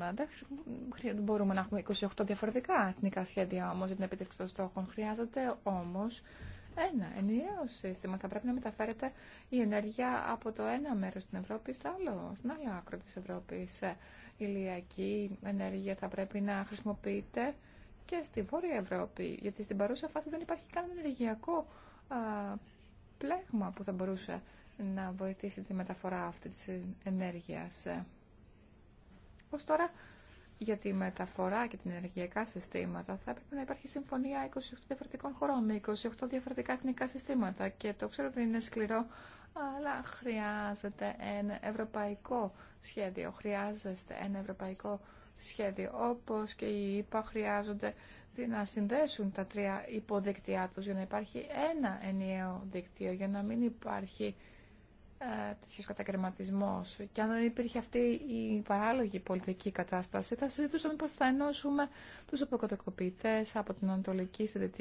Δεν μπορούμε να έχουμε 28 διαφορετικά εθνικά σχέδια όμως για την επίτευξη των στόχων. Χρειάζεται όμως ένα ενιαίο σύστημα. Θα πρέπει να μεταφέρεται η ενέργεια από το ένα μέρος στην Ευρώπη στο άλλο, στην άλλη άκρο της Ευρώπης. Ε, ηλιακή ενέργεια θα πρέπει να χρησιμοποιείται και στη Βόρεια Ευρώπη, γιατί στην παρούσα φάση δεν υπάρχει καν ενεργειακό πλέγμα που θα μπορούσε να βοηθήσει τη μεταφορά αυτή της ενέργειας. Ως τώρα, για τη μεταφορά και την ενεργειακά συστήματα θα έπρεπε να υπάρχει συμφωνία 28 διαφορετικών χωρών με 28 διαφορετικά εθνικά συστήματα και το ξέρω ότι είναι σκληρό αλλά χρειάζεται ένα ευρωπαϊκό σχέδιο. Χρειάζεστε ένα ευρωπαϊκό σχέδιο όπως και οι ΙΠΑ χρειάζονται να συνδέσουν τα τρία υποδικτυά τους για να υπάρχει ένα ενιαίο δικτύο, για να μην υπάρχει ε, τέτοιο κατακαιρματισμό. Και αν δεν υπήρχε αυτή η παράλογη πολιτική κατάσταση, θα συζητούσαμε πώ θα ενώσουμε του από την Ανατολική στη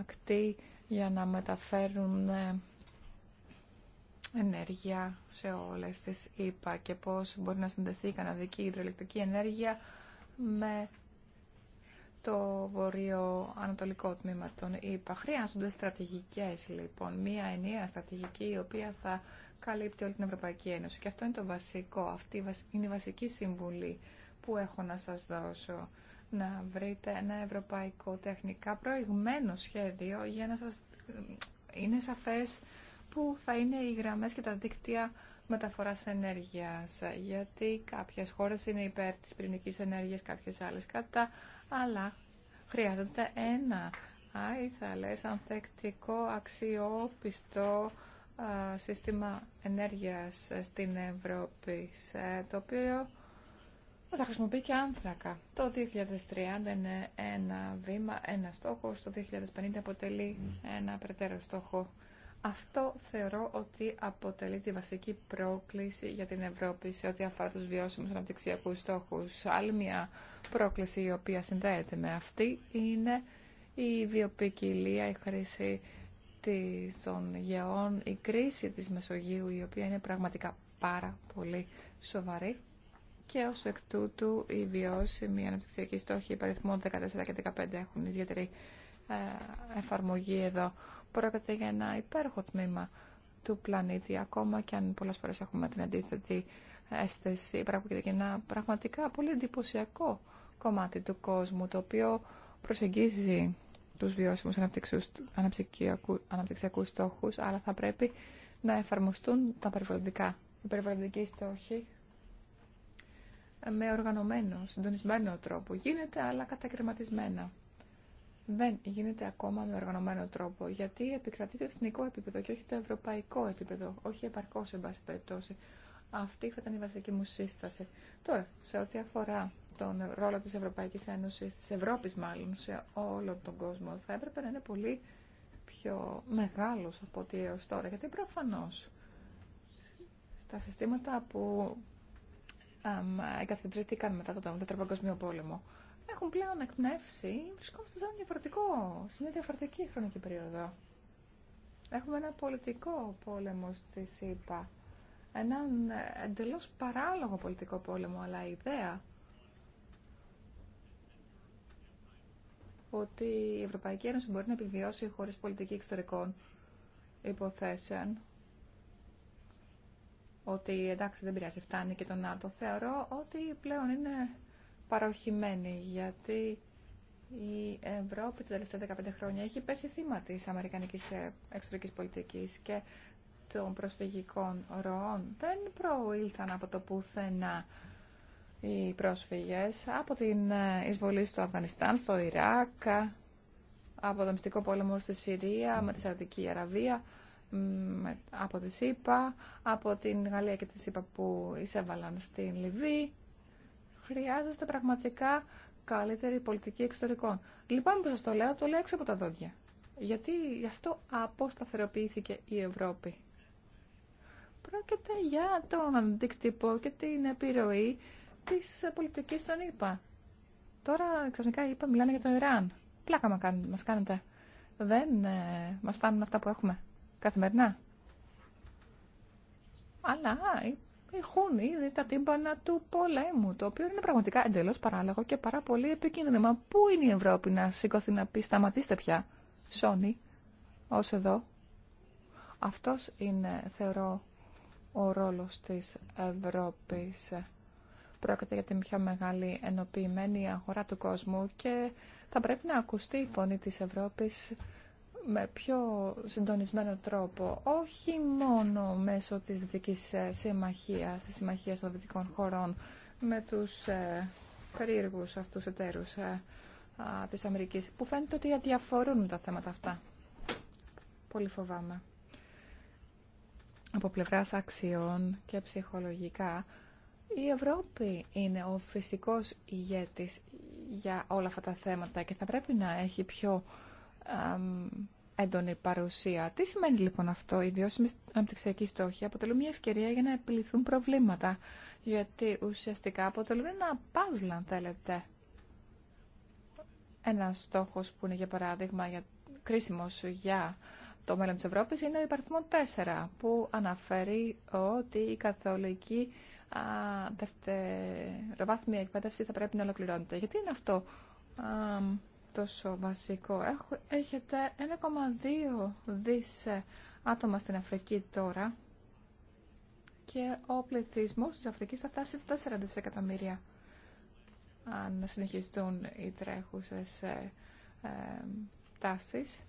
ακτή για να μεταφέρουν ε, ενέργεια σε όλες τις ΗΠΑ και πώ μπορεί να συνδεθεί η καναδική υδροελεκτρική ενέργεια με το βορείο-ανατολικό τμήμα των ΗΠΑ. Χρειάζονται στρατηγικέ, λοιπόν, μία ενιαία στρατηγική η οποία θα καλύπτει όλη την Ευρωπαϊκή Ένωση. Και αυτό είναι το βασικό, αυτή είναι η βασική συμβουλή που έχω να σας δώσω. Να βρείτε ένα ευρωπαϊκό τεχνικά προηγμένο σχέδιο για να σας είναι σαφές που θα είναι οι γραμμές και τα δίκτυα μεταφοράς ενέργειας. Γιατί κάποιες χώρες είναι υπέρ της πυρηνικής ενέργειας, κάποιες άλλες κατά αλλά χρειάζεται ένα λες ανθεκτικό, αξιόπιστο σύστημα ενέργειας στην Ευρώπη, σε, το οποίο θα χρησιμοποιεί και άνθρακα. Το 2030 είναι ένα βήμα, ένα στόχο, το 2050 αποτελεί mm. ένα περαιτέρω στόχο. Αυτό θεωρώ ότι αποτελεί τη βασική πρόκληση για την Ευρώπη σε ό,τι αφορά τους βιώσιμους αναπτυξιακούς στόχους. Άλλη μια πρόκληση η οποία συνδέεται με αυτή είναι η βιοπικιλία, η χρήση των γεών, η κρίση της Μεσογείου, η οποία είναι πραγματικά πάρα πολύ σοβαρή και ως εκ τούτου οι βιώσιμοι αναπτυξιακοί στόχοι υπαριθμών 14 και 15 έχουν ιδιαίτερη ε, εφαρμογή εδώ. Πρόκειται για ένα υπέροχο τμήμα του πλανήτη, ακόμα και αν πολλές φορές έχουμε την αντίθετη αίσθηση. Πρόκειται για ένα πραγματικά πολύ εντυπωσιακό κομμάτι του κόσμου, το οποίο προσεγγίζει τους βιώσιμους αναπτυξιακούς στόχους, αλλά θα πρέπει να εφαρμοστούν τα περιβαλλοντικά, οι περιβαλλοντικοί στόχοι ε, με οργανωμένο, συντονισμένο τρόπο. Γίνεται, αλλά κατακριματισμένα δεν γίνεται ακόμα με οργανωμένο τρόπο, γιατί επικρατεί το εθνικό επίπεδο και όχι το ευρωπαϊκό επίπεδο, όχι επαρκώς σε βάση περιπτώσει. Αυτή θα ήταν η βασική μου σύσταση. Τώρα, σε ό,τι αφορά τον ρόλο της Ευρωπαϊκής Ένωσης, της Ευρώπης μάλλον, σε όλο τον κόσμο, θα έπρεπε να είναι πολύ πιο μεγάλος από ό,τι έω τώρα. Γιατί προφανώς στα συστήματα που εγκαθιδρύθηκαν μετά τον Δεύτερο Πόλεμο, έχουν πλέον εκπνεύσει, βρισκόμαστε σε ένα διαφορετικό, σε μια διαφορετική χρονική περίοδο. Έχουμε ένα πολιτικό πόλεμο στη ΣΥΠΑ, έναν εντελώς παράλογο πολιτικό πόλεμο, αλλά η ιδέα ότι η Ευρωπαϊκή Ένωση μπορεί να επιβιώσει χωρίς πολιτική εξωτερικών υποθέσεων, ότι εντάξει δεν πειράζει φτάνει και το ΝΑΤΟ, θεωρώ ότι πλέον είναι παροχημένη, γιατί η Ευρώπη τα τελευταία 15 χρόνια έχει πέσει θύμα της αμερικανικής εξωτερικής πολιτικής και των προσφυγικών ροών. Δεν προήλθαν από το πουθενά οι πρόσφυγες από την εισβολή στο Αφγανιστάν, στο Ιράκ, από το μυστικό πόλεμο στη Συρία, με τη Σαουδική Αραβία, από τη ΣΥΠΑ, από την Γαλλία και τη ΣΥΠΑ που εισέβαλαν στην Λιβύη χρειάζεστε πραγματικά καλύτερη πολιτική εξωτερικών. Λυπάμαι λοιπόν, που σας το λέω, το λέω έξω από τα δόντια. Γιατί γι' αυτό αποσταθεροποιήθηκε η Ευρώπη. Πρόκειται για τον αντίκτυπο και την επιρροή της πολιτική των ΗΠΑ. Τώρα ξαφνικά οι ΗΠΑ μιλάνε για τον Ιράν. Πλάκα μα κάνετε. Δεν ε, μας φτάνουν αυτά που έχουμε καθημερινά. Αλλά έχουν ήδη τα τύμπανα του πολέμου, το οποίο είναι πραγματικά εντελώ παράλογο και πάρα πολύ επικίνδυνο. Μα πού είναι η Ευρώπη να σηκωθεί να πει σταματήστε πια, Σόνι, ω εδώ. Αυτό είναι, θεωρώ, ο ρόλο τη Ευρώπη. Πρόκειται για την πιο μεγάλη ενοποιημένη αγορά του κόσμου και θα πρέπει να ακουστεί η φωνή της Ευρώπης με πιο συντονισμένο τρόπο, όχι μόνο μέσω της Δυτικής ε, Συμμαχίας, της Συμμαχίας των Δυτικών χωρών, με τους ε, περίεργους αυτούς εταίρους ε, της Αμερικής, που φαίνεται ότι αδιαφορούν τα θέματα αυτά. Πολύ φοβάμαι. Από πλευράς αξιών και ψυχολογικά, η Ευρώπη είναι ο φυσικός ηγέτης για όλα αυτά τα θέματα και θα πρέπει να έχει πιο έντονη παρουσία. Τι σημαίνει λοιπόν αυτό, οι βιώσιμοι αναπτυξιακοί στόχοι αποτελούν μια ευκαιρία για να επιληθούν προβλήματα, γιατί ουσιαστικά αποτελούν ένα παζλ, αν θέλετε. Ένα στόχο που είναι, για παράδειγμα, για, κρίσιμος για το μέλλον της Ευρώπης είναι ο υπαριθμό 4, που αναφέρει ότι η καθολική α, δευτεροβάθμια εκπαίδευση θα πρέπει να ολοκληρώνεται. Γιατί είναι αυτό τόσο βασικό. Έχετε 1,2 δις ε, άτομα στην Αφρική τώρα και ο πληθυσμός της Αφρικής θα φτάσει 4 δισεκατομμύρια αν συνεχιστούν οι τρέχουσες ε, ε, τάσεις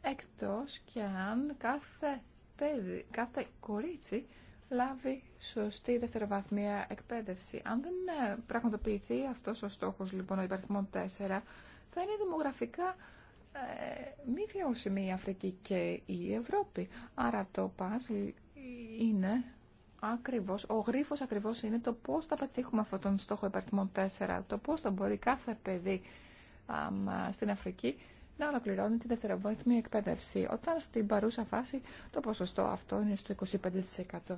εκτός και αν κάθε, παιδί, κάθε κορίτσι λάβει σωστή δευτεροβαθμία εκπαίδευση. Αν δεν ε, πραγματοποιηθεί αυτός ο στόχος λοιπόν ο υπαριθμό 4 θα είναι δημογραφικά ε, μη βιώσιμη η Αφρική και η Ευρώπη. Άρα το παζλ είναι ακριβώς, ο γρίφος ακριβώς είναι το πώς θα πετύχουμε αυτόν τον στόχο υπαριθμών 4, το πώς θα μπορεί κάθε παιδί στην Αφρική να ολοκληρώνει τη δευτεροβόηθμη εκπαίδευση, όταν στην παρούσα φάση το ποσοστό αυτό είναι στο 25%.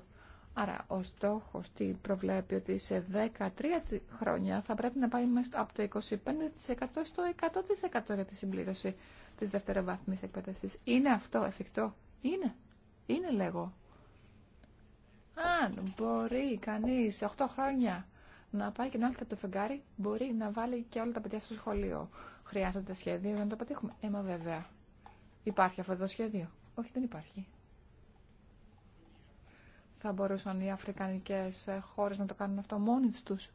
Άρα ο στόχος τι προβλέπει ότι σε 13 χρόνια θα πρέπει να πάει μέσα από το 25% στο 100% για τη συμπλήρωση της δευτεροβάθμιας εκπαίδευσης. Είναι αυτό εφικτό. Είναι. Είναι λέγω. Αν μπορεί κανείς 8 χρόνια να πάει και να έρθει από το φεγγάρι, μπορεί να βάλει και όλα τα παιδιά στο σχολείο. Χρειάζεται σχέδια για να το πετύχουμε. Έμα ε, βέβαια. Υπάρχει αυτό το σχέδιο. Όχι, δεν υπάρχει. Θα μπορούσαν οι αφρικανικές χώρες να το κάνουν αυτό μόνοι τους.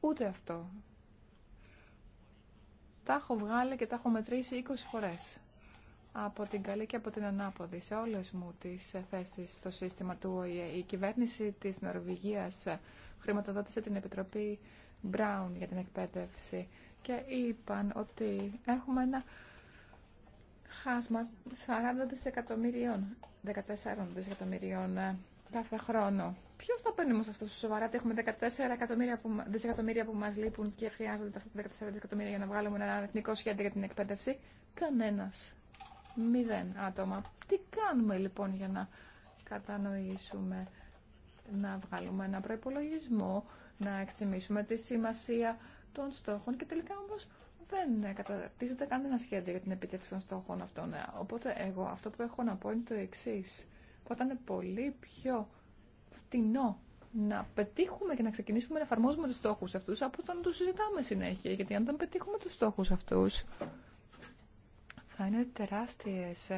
Ούτε αυτό. Τα έχω βγάλει και τα έχω μετρήσει 20 φορές. Από την καλή και από την ανάποδη. Σε όλες μου τις θέσεις στο σύστημα του ΟΗΕ. Η κυβέρνηση της Νορβηγίας χρηματοδότησε την Επιτροπή Μπράουν για την εκπαίδευση και είπαν ότι έχουμε ένα χάσμα 40 δισεκατομμυρίων, 14 δισεκατομμυρίων κάθε χρόνο. Ποιο θα παίρνει όμω αυτό σοβαρά ότι έχουμε 14 εκατομμύρια που, δισεκατομμύρια που μα λείπουν και χρειάζονται αυτά τα 14 δισεκατομμύρια για να βγάλουμε ένα εθνικό σχέδιο για την εκπαίδευση. Κανένα. Μηδέν άτομα. Τι κάνουμε λοιπόν για να κατανοήσουμε, να βγάλουμε ένα προπολογισμό, να εκτιμήσουμε τη σημασία των στόχων και τελικά όμω δεν καταρτίζεται κανένα σχέδιο για την επιτεύξη των στόχων αυτών. Οπότε εγώ αυτό που έχω να πω είναι το εξή που ήταν πολύ πιο φτηνό να πετύχουμε και να ξεκινήσουμε να εφαρμόζουμε τους στόχους αυτούς από το να τους συζητάμε συνέχεια. Γιατί αν δεν πετύχουμε τους στόχους αυτούς, θα είναι τεράστιες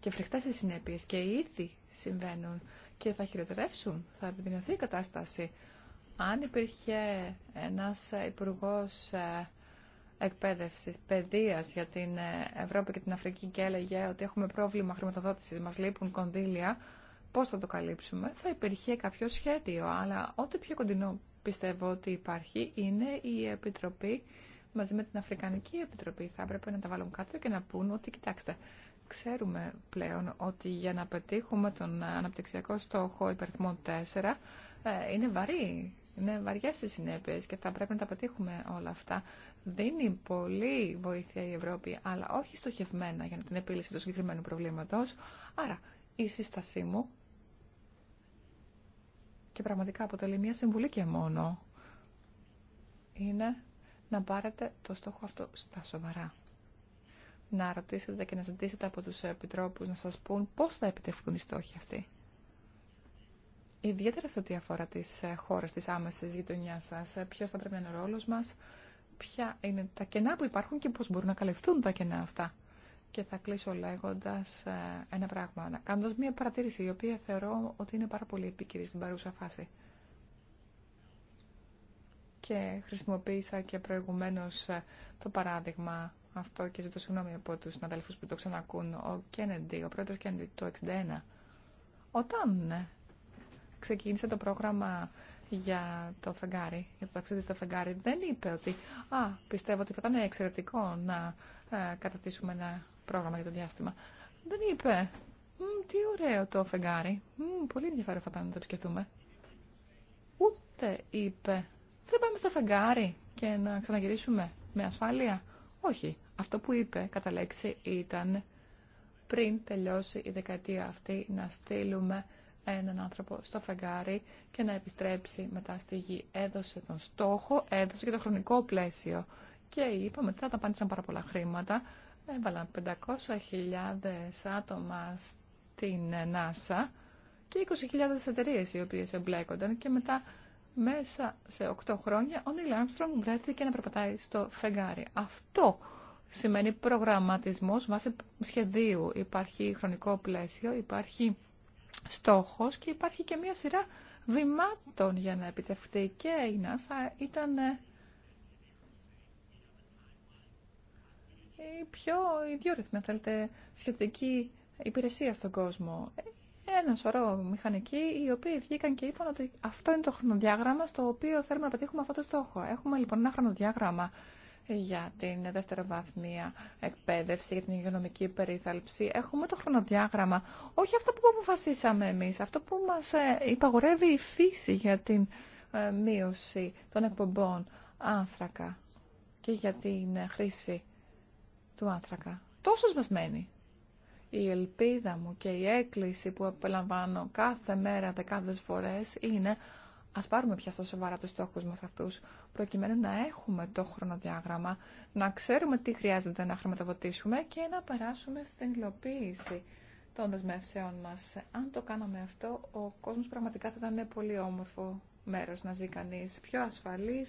και φρικτές οι συνέπειες και ήδη συμβαίνουν και θα χειροτερεύσουν, θα επιδεινωθεί η κατάσταση. Αν υπήρχε ένας υπουργός ε, Εκπαίδευση παιδεία για την ε, Ευρώπη και την Αφρική και έλεγε ότι έχουμε πρόβλημα χρηματοδότησης, μα λείπουν κονδύλια, πώς θα το καλύψουμε, θα υπήρχε κάποιο σχέδιο, αλλά ό,τι πιο κοντινό πιστεύω ότι υπάρχει είναι η Επιτροπή μαζί με την Αφρικανική Επιτροπή. Θα έπρεπε να τα βάλουν κάτω και να πούν ότι κοιτάξτε, ξέρουμε πλέον ότι για να πετύχουμε τον αναπτυξιακό στόχο υπερθμό 4 ε, είναι βαρύ είναι βαριέ οι συνέπειε και θα πρέπει να τα πετύχουμε όλα αυτά. Δίνει πολύ βοήθεια η Ευρώπη, αλλά όχι στοχευμένα για την επίλυση του συγκεκριμένου προβλήματο. Άρα, η σύστασή μου και πραγματικά αποτελεί μια συμβουλή και μόνο είναι να πάρετε το στόχο αυτό στα σοβαρά. Να ρωτήσετε και να ζητήσετε από τους επιτρόπους να σας πούν πώς θα επιτευχθούν οι στόχοι αυτοί. Ιδιαίτερα σε ό,τι αφορά τι ε, χώρε τη άμεση γειτονιά σα, ε, ποιο θα πρέπει να είναι ο ρόλος μας, ποια είναι τα κενά που υπάρχουν και πώ μπορούν να καλυφθούν τα κενά αυτά. Και θα κλείσω λέγοντα ε, ένα πράγμα, κάνοντα μια παρατήρηση η οποία θεωρώ ότι είναι πάρα πολύ επίκαιρη στην παρούσα φάση. Και χρησιμοποίησα και προηγουμένω το παράδειγμα αυτό και ζητώ συγγνώμη από του συναδέλφου που το ξανακούν, ο Κέννεντι, ο πρόεδρος Κέννεντι το 61. Όταν ξεκίνησε το πρόγραμμα για το φεγγάρι, για το ταξίδι στο φεγγάρι, δεν είπε ότι «Α, πιστεύω ότι θα ήταν εξαιρετικό να ε, κατατήσουμε ένα πρόγραμμα για το διάστημα». Δεν είπε «Τι ωραίο το φεγγάρι, Μ, πολύ ενδιαφέρον θα ήταν να το επισκεφτούμε». Ούτε είπε «Δεν πάμε στο φεγγάρι και να ξαναγυρίσουμε με ασφάλεια». Όχι. Αυτό που είπε κατά λέξη ήταν πριν τελειώσει η δεκαετία αυτή να στείλουμε έναν άνθρωπο στο φεγγάρι και να επιστρέψει μετά στη γη. Έδωσε τον στόχο, έδωσε και το χρονικό πλαίσιο. Και ότι μετά τα πάντησαν πάρα πολλά χρήματα. Έβαλαν 500.000 άτομα στην NASA και 20.000 εταιρείε οι οποίες εμπλέκονταν και μετά μέσα σε 8 χρόνια ο Νίλ Άρμστρομ βρέθηκε να περπατάει στο φεγγάρι. Αυτό σημαίνει προγραμματισμός βάσει σχεδίου. Υπάρχει χρονικό πλαίσιο, υπάρχει στόχος και υπάρχει και μία σειρά βημάτων για να επιτευχθεί και η NASA ήταν ε, η πιο ιδιόρυθμη, θέλετε, σχετική υπηρεσία στον κόσμο. Ένα σωρό μηχανικοί οι οποίοι βγήκαν και είπαν ότι αυτό είναι το χρονοδιάγραμμα στο οποίο θέλουμε να πετύχουμε αυτό το στόχο. Έχουμε λοιπόν ένα χρονοδιάγραμμα για την δευτεροβάθμια εκπαίδευση, για την υγειονομική περίθαλψη. Έχουμε το χρονοδιάγραμμα, όχι αυτό που αποφασίσαμε εμείς, αυτό που μας ε, υπαγορεύει η φύση για την ε, μείωση των εκπομπών άνθρακα και για την ε, χρήση του άνθρακα. Τόσος μας μένει. Η ελπίδα μου και η έκκληση που απελαμβάνω κάθε μέρα δεκάδες φορές είναι Ας πάρουμε πια στα σοβαρά του στόχους μα αυτού, προκειμένου να έχουμε το χρονοδιάγραμμα, να ξέρουμε τι χρειάζεται να χρηματοδοτήσουμε και να περάσουμε στην υλοποίηση των δεσμεύσεών μας. Αν το κάναμε αυτό, ο κόσμος πραγματικά θα ήταν πολύ όμορφο μέρος να ζει κανεί πιο ασφαλή,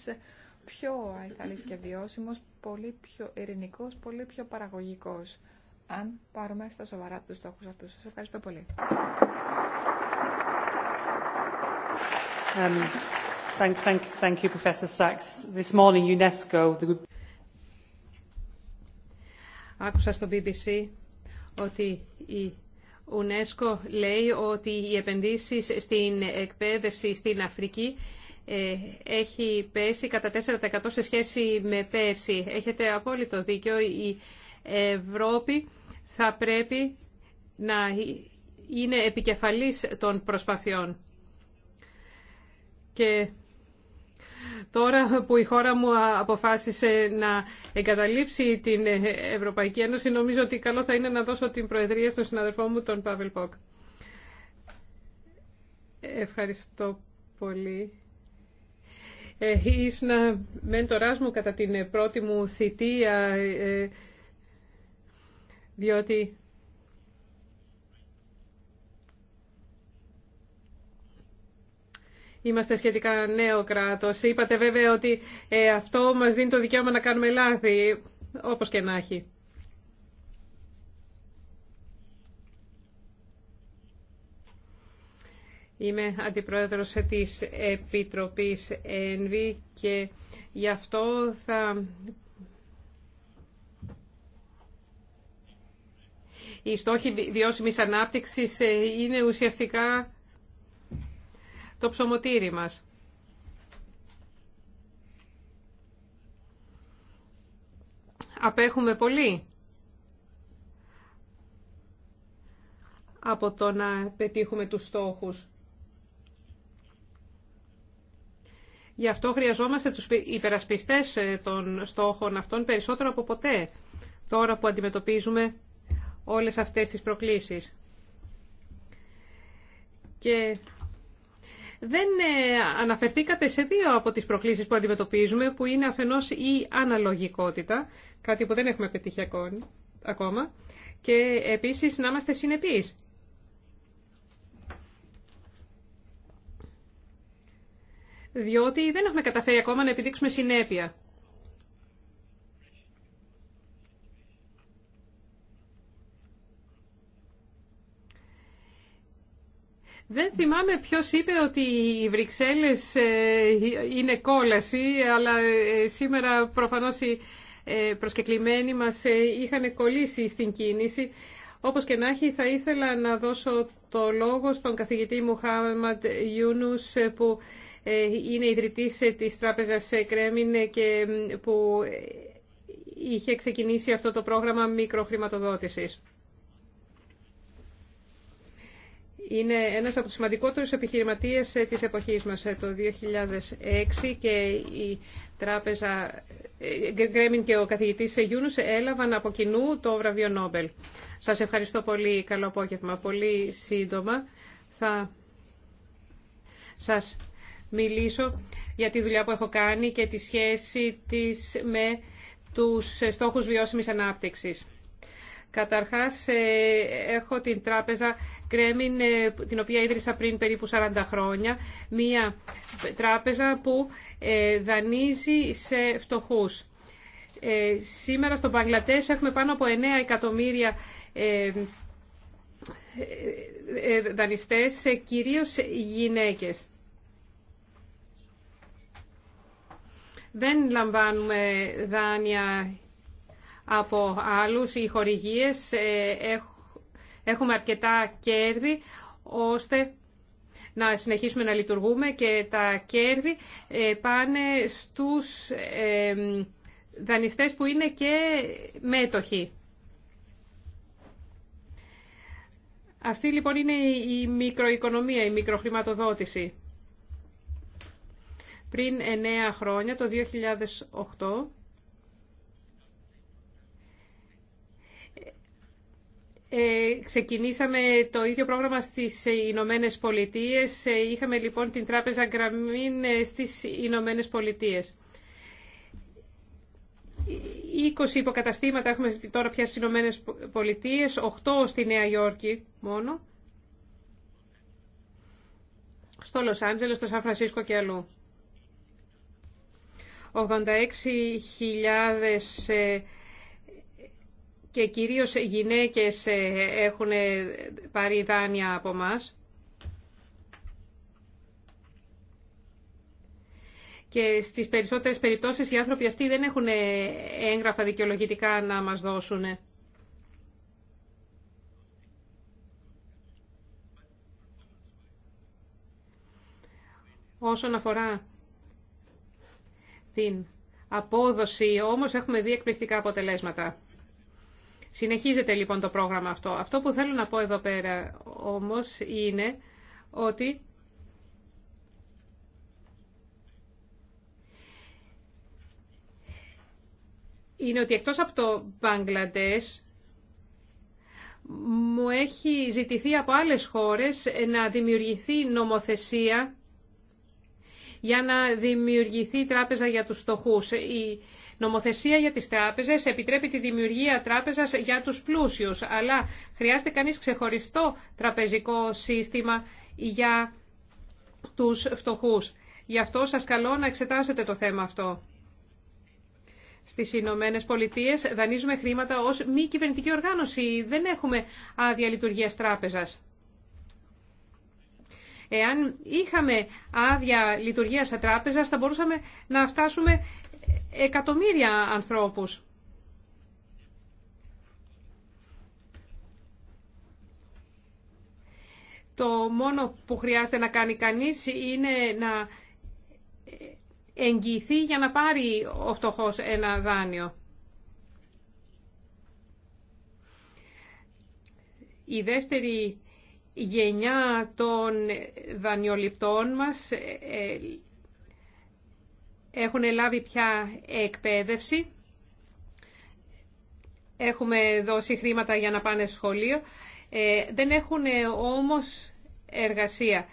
πιο αιθαλή και βιώσιμο, πολύ πιο ειρηνικό, πολύ πιο παραγωγικό. Αν πάρουμε στα σοβαρά του στόχου αυτού. Σα ευχαριστώ πολύ. Um, thank, thank, Άκουσα στο BBC ότι η UNESCO λέει ότι οι επενδύσεις στην εκπαίδευση στην Αφρική ε, έχει πέσει κατά 4% σε σχέση με πέρσι. Έχετε απόλυτο δίκιο. Η Ευρώπη θα πρέπει να είναι επικεφαλής των προσπαθειών. Και τώρα που η χώρα μου αποφάσισε να εγκαταλείψει την Ευρωπαϊκή Ένωση, νομίζω ότι καλό θα είναι να δώσω την Προεδρία στον συναδελφό μου, τον Παύλ Πόκ. Ευχαριστώ πολύ. Ε, ήσουν μέντοράς μου κατά την πρώτη μου θητεία, ε, διότι Είμαστε σχετικά νέο κράτο. Είπατε βέβαια ότι ε, αυτό μας δίνει το δικαίωμα να κάνουμε λάθη, όπως και να έχει. Είμαι αντιπρόεδρος της Επιτροπής ΕΝΒΗ και γι' αυτό θα... Οι στόχοι βιώσιμης ανάπτυξης ε, είναι ουσιαστικά το ψωμοτήρι μας. Απέχουμε πολύ από το να πετύχουμε τους στόχους. Γι' αυτό χρειαζόμαστε τους υπερασπιστές ε, των στόχων αυτών περισσότερο από ποτέ, τώρα που αντιμετωπίζουμε όλες αυτές τις προκλήσεις. Και δεν ε, αναφερθήκατε σε δύο από τις προκλήσεις που αντιμετωπίζουμε, που είναι αφενός η αναλογικότητα, κάτι που δεν έχουμε πετύχει ακόμα, και επίσης να είμαστε συνεπείς. Διότι δεν έχουμε καταφέρει ακόμα να επιδείξουμε συνέπεια. Δεν θυμάμαι ποιος είπε ότι οι Βρυξέλλες ε, είναι κόλαση, αλλά ε, σήμερα προφανώς οι ε, προσκεκλημένοι μας είχαν κολλήσει στην κίνηση. Όπως και να έχει, θα ήθελα να δώσω το λόγο στον καθηγητή Μουχάμαντ Ιούνους που είναι ιδρυτής της Τράπεζας Κρέμιν και που είχε ξεκινήσει αυτό το πρόγραμμα μικροχρηματοδότησης. είναι ένας από τους σημαντικότερους επιχειρηματίες ε, της εποχής μας. Ε, το 2006 και η τράπεζα ε, Γκρέμιν και ο καθηγητής Γιούνους έλαβαν από κοινού το βραβείο Νόμπελ. Σας ευχαριστώ πολύ. Καλό απόγευμα. Πολύ σύντομα θα σας μιλήσω για τη δουλειά που έχω κάνει και τη σχέση της με τους στόχους βιώσιμης ανάπτυξης. Καταρχάς, έχω την τράπεζα ε, την οποία ίδρυσα πριν περίπου 40 χρόνια, μια τράπεζα που ε, δανείζει σε φτωχούς. Ε, σήμερα στο Παγκλατές έχουμε πάνω από 9 εκατομμύρια δανειστές, κυρίως γυναίκες. Δεν λαμβάνουμε δάνεια από άλλους οι χορηγίες. Έχουν έχουμε αρκετά κέρδη ώστε να συνεχίσουμε να λειτουργούμε και τα κέρδη ε, πάνε στους ε, δανειστές που είναι και μέτοχοι. Αυτή λοιπόν είναι η μικροοικονομία, η μικροχρηματοδότηση. Πριν 9 χρόνια, το 2008, Ε, ξεκινήσαμε το ίδιο πρόγραμμα στις Ηνωμένε Πολιτείε. Ε, είχαμε λοιπόν την Τράπεζα γραμμή ε, στις Ηνωμένε Πολιτείε. 20 υποκαταστήματα έχουμε τώρα πια στις Ηνωμένε Πολιτείε, 8 στη Νέα Υόρκη μόνο, στο Λος Άντζελος, στο Σαν Φρανσίσκο και αλλού. 86.000 και κυρίως γυναίκες ε, έχουν ε, πάρει δάνεια από μας. Και στις περισσότερες περιπτώσεις οι άνθρωποι αυτοί δεν έχουν ε, έγγραφα δικαιολογητικά να μας δώσουν. Όσον αφορά την απόδοση, όμως έχουμε δει εκπληκτικά αποτελέσματα. Συνεχίζεται λοιπόν το πρόγραμμα αυτό. Αυτό που θέλω να πω εδώ πέρα όμως είναι ότι είναι ότι εκτός από το Μπαγκλαντές μου έχει ζητηθεί από άλλες χώρες να δημιουργηθεί νομοθεσία για να δημιουργηθεί τράπεζα για τους φτωχούς. Η νομοθεσία για τις τράπεζες επιτρέπει τη δημιουργία τράπεζας για τους πλούσιους, αλλά χρειάζεται κανείς ξεχωριστό τραπεζικό σύστημα για τους φτωχούς. Γι' αυτό σας καλώ να εξετάσετε το θέμα αυτό. Στι Ηνωμένε Πολιτείε δανείζουμε χρήματα ω μη κυβερνητική οργάνωση. Δεν έχουμε άδεια λειτουργία τράπεζα. Εάν είχαμε άδεια λειτουργία σε τράπεζα, θα μπορούσαμε να φτάσουμε εκατομμύρια ανθρώπους. Το μόνο που χρειάζεται να κάνει κανείς είναι να εγγυηθεί για να πάρει ο φτωχός ένα δάνειο. Η δεύτερη γενιά των δανειοληπτών μας ε, ε, έχουν λάβει πια εκπαίδευση. Έχουμε δώσει χρήματα για να πάνε σχολείο. Ε, δεν έχουν όμως εργασία.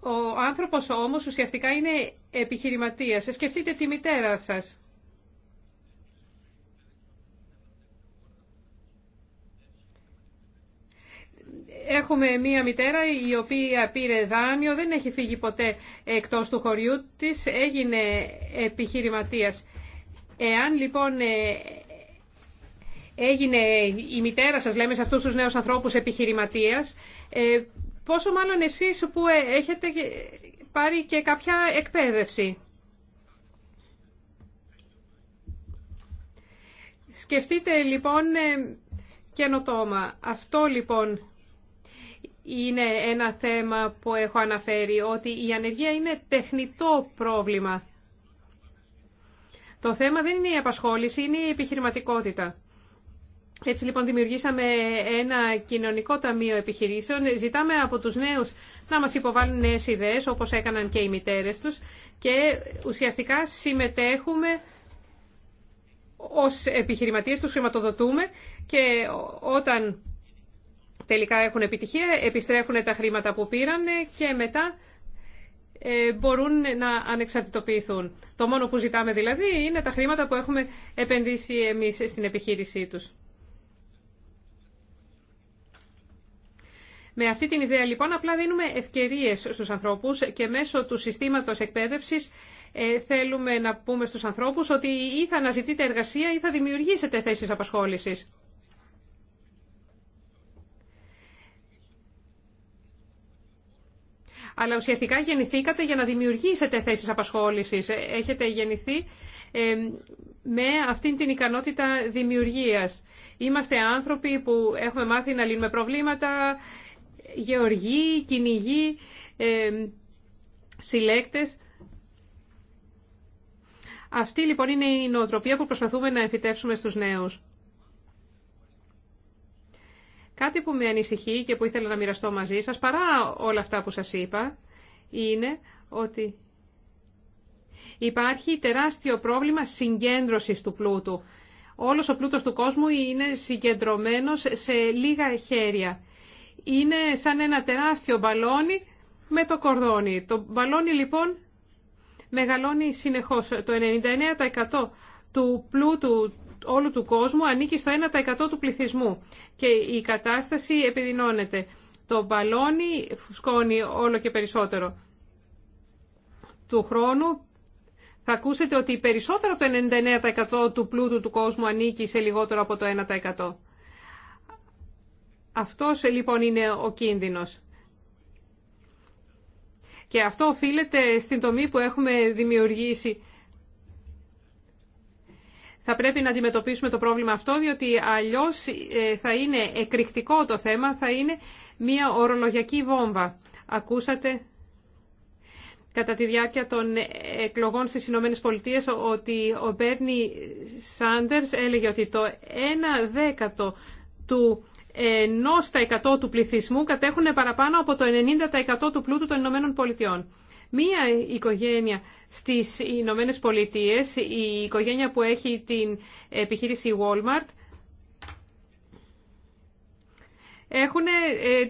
Ο άνθρωπος όμως ουσιαστικά είναι επιχειρηματίας. Σκεφτείτε τη μητέρα σας. Έχουμε μία μητέρα η οποία πήρε δάνειο, δεν έχει φύγει ποτέ εκτός του χωριού της, έγινε επιχειρηματίας. Εάν λοιπόν ε, έγινε η μητέρα σας, λέμε, σε αυτούς τους νέους ανθρώπους επιχειρηματίας, ε, πόσο μάλλον εσείς που ε, έχετε πάρει και κάποια εκπαίδευση. Σκεφτείτε λοιπόν καινοτόμα. Αυτό λοιπόν είναι ένα θέμα που έχω αναφέρει, ότι η ανεργία είναι τεχνητό πρόβλημα. Το θέμα δεν είναι η απασχόληση, είναι η επιχειρηματικότητα. Έτσι λοιπόν δημιουργήσαμε ένα κοινωνικό ταμείο επιχειρήσεων. Ζητάμε από τους νέους να μας υποβάλουν νέες ιδέες όπως έκαναν και οι μητέρες τους και ουσιαστικά συμμετέχουμε ως επιχειρηματίες, τους χρηματοδοτούμε και όταν τελικά έχουν επιτυχία, επιστρέφουν τα χρήματα που πήραν και μετά ε, μπορούν να ανεξαρτητοποιηθούν. Το μόνο που ζητάμε δηλαδή είναι τα χρήματα που έχουμε επενδύσει εμείς στην επιχείρησή τους. Με αυτή την ιδέα λοιπόν απλά δίνουμε ευκαιρίες στους ανθρώπους και μέσω του συστήματος εκπαίδευσης ε, θέλουμε να πούμε στους ανθρώπους ότι ή θα αναζητείτε εργασία ή θα δημιουργήσετε θέσεις απασχόλησης. αλλά ουσιαστικά γεννηθήκατε για να δημιουργήσετε θέσεις απασχόλησης. Έχετε γεννηθεί ε, με αυτήν την ικανότητα δημιουργίας. Είμαστε άνθρωποι που έχουμε μάθει να λύνουμε προβλήματα, γεωργοί, κυνηγοί, ε, συλλέκτες. Αυτή λοιπόν είναι η νοοτροπία που προσπαθούμε να εμφυτεύσουμε στους νέους. Κάτι που με ανησυχεί και που ήθελα να μοιραστώ μαζί σας, παρά όλα αυτά που σας είπα, είναι ότι υπάρχει τεράστιο πρόβλημα συγκέντρωσης του πλούτου. Όλος ο πλούτος του κόσμου είναι συγκεντρωμένος σε λίγα χέρια. Είναι σαν ένα τεράστιο μπαλόνι με το κορδόνι. Το μπαλόνι λοιπόν μεγαλώνει συνεχώς. Το 99% του πλούτου όλου του κόσμου ανήκει στο 1% του πληθυσμού και η κατάσταση επιδεινώνεται. Το μπαλόνι φουσκώνει όλο και περισσότερο. Του χρόνου θα ακούσετε ότι περισσότερο από το 99% του πλούτου του κόσμου ανήκει σε λιγότερο από το 1%. Αυτός λοιπόν είναι ο κίνδυνος. Και αυτό οφείλεται στην τομή που έχουμε δημιουργήσει θα πρέπει να αντιμετωπίσουμε το πρόβλημα αυτό, διότι αλλιώς ε, θα είναι εκρηκτικό το θέμα, θα είναι μια ορολογιακή βόμβα. Ακούσατε κατά τη διάρκεια των εκλογών στις Ηνωμένες Πολιτείες ότι ο Μπέρνι Σάντερς έλεγε ότι το 1 δέκατο του ενό στα 100 του πληθυσμού κατέχουν παραπάνω από το 90% του πλούτου των Ηνωμένων Πολιτειών μία οικογένεια στις Ηνωμένε Πολιτείε, η οικογένεια που έχει την επιχείρηση Walmart, έχουν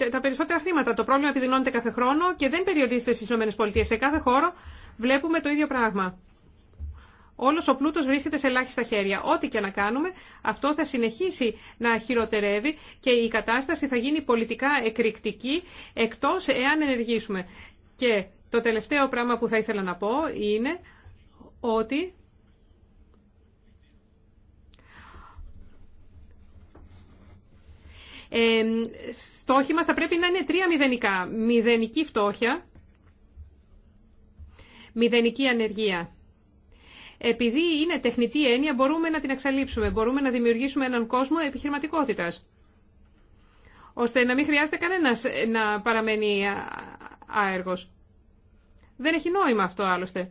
ε, τα περισσότερα χρήματα. Το πρόβλημα επιδεινώνεται κάθε χρόνο και δεν περιορίζεται στις Ηνωμένε Πολιτείε. Σε κάθε χώρο βλέπουμε το ίδιο πράγμα. Όλο ο πλούτο βρίσκεται σε ελάχιστα χέρια. Ό,τι και να κάνουμε, αυτό θα συνεχίσει να χειροτερεύει και η κατάσταση θα γίνει πολιτικά εκρηκτική εκτό εάν ενεργήσουμε. Και το τελευταίο πράγμα που θα ήθελα να πω είναι ότι ε, στόχοι μας θα πρέπει να είναι τρία μηδενικά. Μηδενική φτώχεια, μηδενική ανεργία. Επειδή είναι τεχνητή έννοια μπορούμε να την εξαλείψουμε, μπορούμε να δημιουργήσουμε έναν κόσμο επιχειρηματικότητας ώστε να μην χρειάζεται κανένας να παραμένει άεργος. Δεν έχει νόημα αυτό άλλωστε.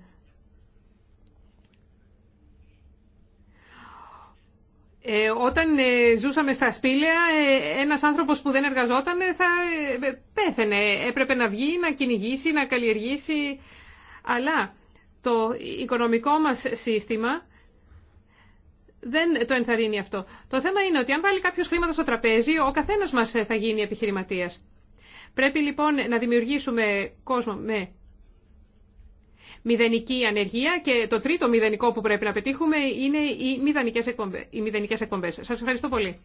Ε, όταν ε, ζούσαμε στα σπήλαια, ε, ένας άνθρωπος που δεν εργαζόταν ε, θα πέθαινε. Έπρεπε να βγει, να κυνηγήσει, να καλλιεργήσει. Αλλά το οικονομικό μας σύστημα δεν το ενθαρρύνει αυτό. Το θέμα είναι ότι αν βάλει κάποιο χρήματα στο τραπέζι, ο καθένας μας θα γίνει επιχειρηματίας. Πρέπει λοιπόν να δημιουργήσουμε κόσμο με μηδενική ανεργία και το τρίτο μηδενικό που πρέπει να πετύχουμε είναι οι μηδενικές εκπομπές. Οι εκπομπές. Σας ευχαριστώ πολύ.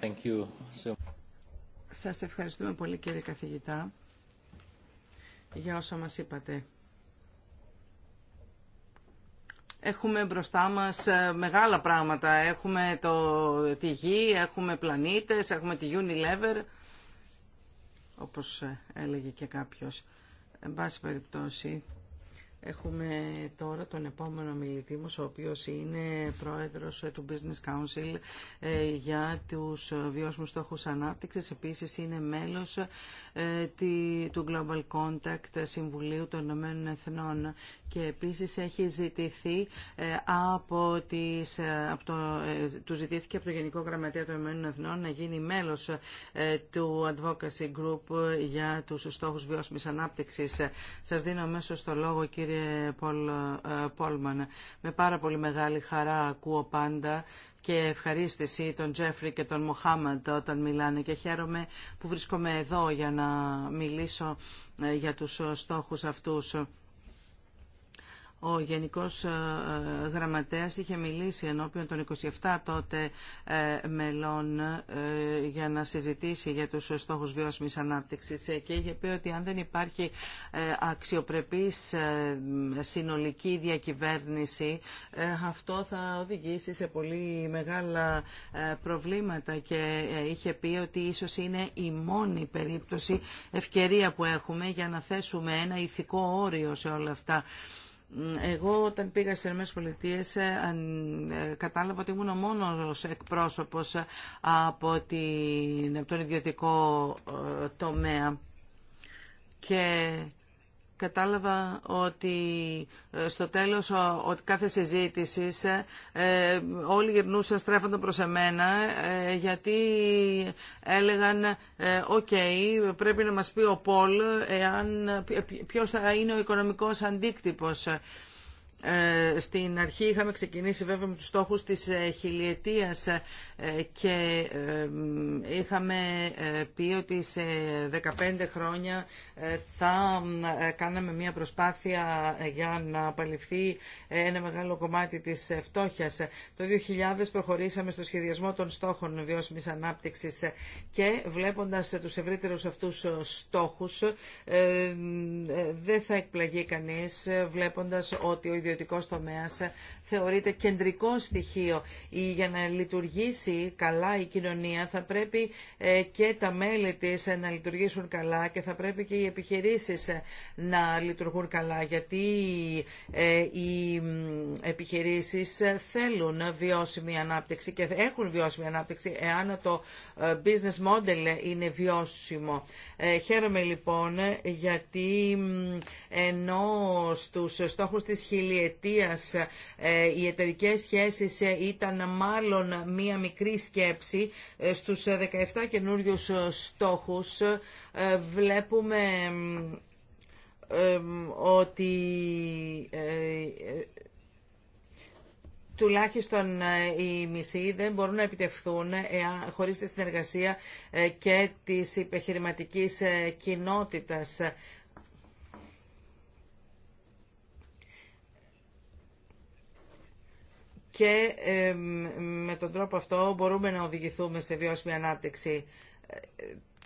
Thank Σας ευχαριστούμε πολύ κύριε καθηγητά για όσα μας είπατε. Έχουμε μπροστά μας ε, μεγάλα πράγματα. Έχουμε το, τη γη, έχουμε πλανήτες, έχουμε τη Unilever όπως ε, έλεγε και κάποιος. Εν πάση περιπτώσει, Έχουμε τώρα τον επόμενο μιλητή μας, ο οποίος είναι πρόεδρος ε, του Business Council ε, για τους ε, βιώσιμους στόχους ανάπτυξης. Επίσης είναι μέλος του Global Contact Συμβουλίου των Ηνωμένων Εθνών και επίσης έχει ζητηθεί από, τις, από το, του ζητήθηκε από το Γενικό γραμματεία των Ηνωμένων Εθνών να γίνει μέλος του Advocacy Group για τους στόχους βιώσιμης ανάπτυξης. Σας δίνω μέσα στο λόγο κύριε κύριε ε, Πόλμαν. Με πάρα πολύ μεγάλη χαρά ακούω πάντα και ευχαρίστηση τον Τζέφρι και τον Μοχάμαντ όταν μιλάνε και χαίρομαι που βρίσκομαι εδώ για να μιλήσω ε, για τους στόχους αυτούς ο Γενικός ε, ε, Γραμματέας είχε μιλήσει ενώπιον των 27 τότε ε, μελών για να συζητήσει για τους στόχους βιώσιμης ανάπτυξης και είχε πει ότι αν δεν υπάρχει αξιοπρεπής συνολική διακυβέρνηση αυτό θα οδηγήσει σε πολύ μεγάλα προβλήματα και είχε πει ότι ίσως είναι η μόνη περίπτωση ευκαιρία που έχουμε για να θέσουμε ένα ηθικό όριο σε όλα αυτά. Εγώ όταν πήγα στις Ερμές Πολιτείες ε, ε, κατάλαβα ότι ήμουν ο μόνος εκπρόσωπος ε, από, την, από τον ιδιωτικό τομέα και Κατάλαβα ότι ε, στο τέλος ότι κάθε συζήτηση ε, ε, όλοι γυρνούσαν στρέφοντα προς εμένα γιατί έλεγαν «Οκ, πρέπει να μας πει ο Πολ εάν, ποιος θα είναι ο οικονομικός αντίκτυπος». Ε, στην αρχή είχαμε ξεκινήσει βέβαια με τους στόχους της ε, χιλιετίας ε, και είχαμε πει ότι σε 15 χρόνια θα κάναμε μια προσπάθεια για να απαλληφθεί ένα μεγάλο κομμάτι της φτώχειας. Το 2000 προχωρήσαμε στο σχεδιασμό των στόχων βιώσιμης ανάπτυξης και βλέποντας τους ευρύτερους αυτούς στόχους δεν θα εκπλαγεί κανείς βλέποντας ότι ο ιδιωτικό τομέα ε, θεωρείται κεντρικό στοιχείο. Για να λειτουργήσει καλά η κοινωνία θα πρέπει ε, και τα μέλη της ε, να λειτουργήσουν καλά και θα πρέπει και οι επιχειρήσεις να λειτουργούν καλά γιατί οι επιχειρήσεις θέλουν βιώσιμη ανάπτυξη και έχουν βιώσιμη ανάπτυξη εάν το business model είναι βιώσιμο. Χαίρομαι λοιπόν γιατί ενώ στους στόχους της ε, οι εταιρικέ σχέσεις ε, ήταν μάλλον μία μικρή σκέψη ε, στους 17 καινούριου στόχους βλέπουμε ότι τουλάχιστον οι μισοί δεν μπορούν να επιτευχθούν χωρίς τη συνεργασία και της επιχειρηματικής κοινότητας. και με τον τρόπο αυτό μπορούμε να οδηγηθούμε σε βιώσιμη ανάπτυξη.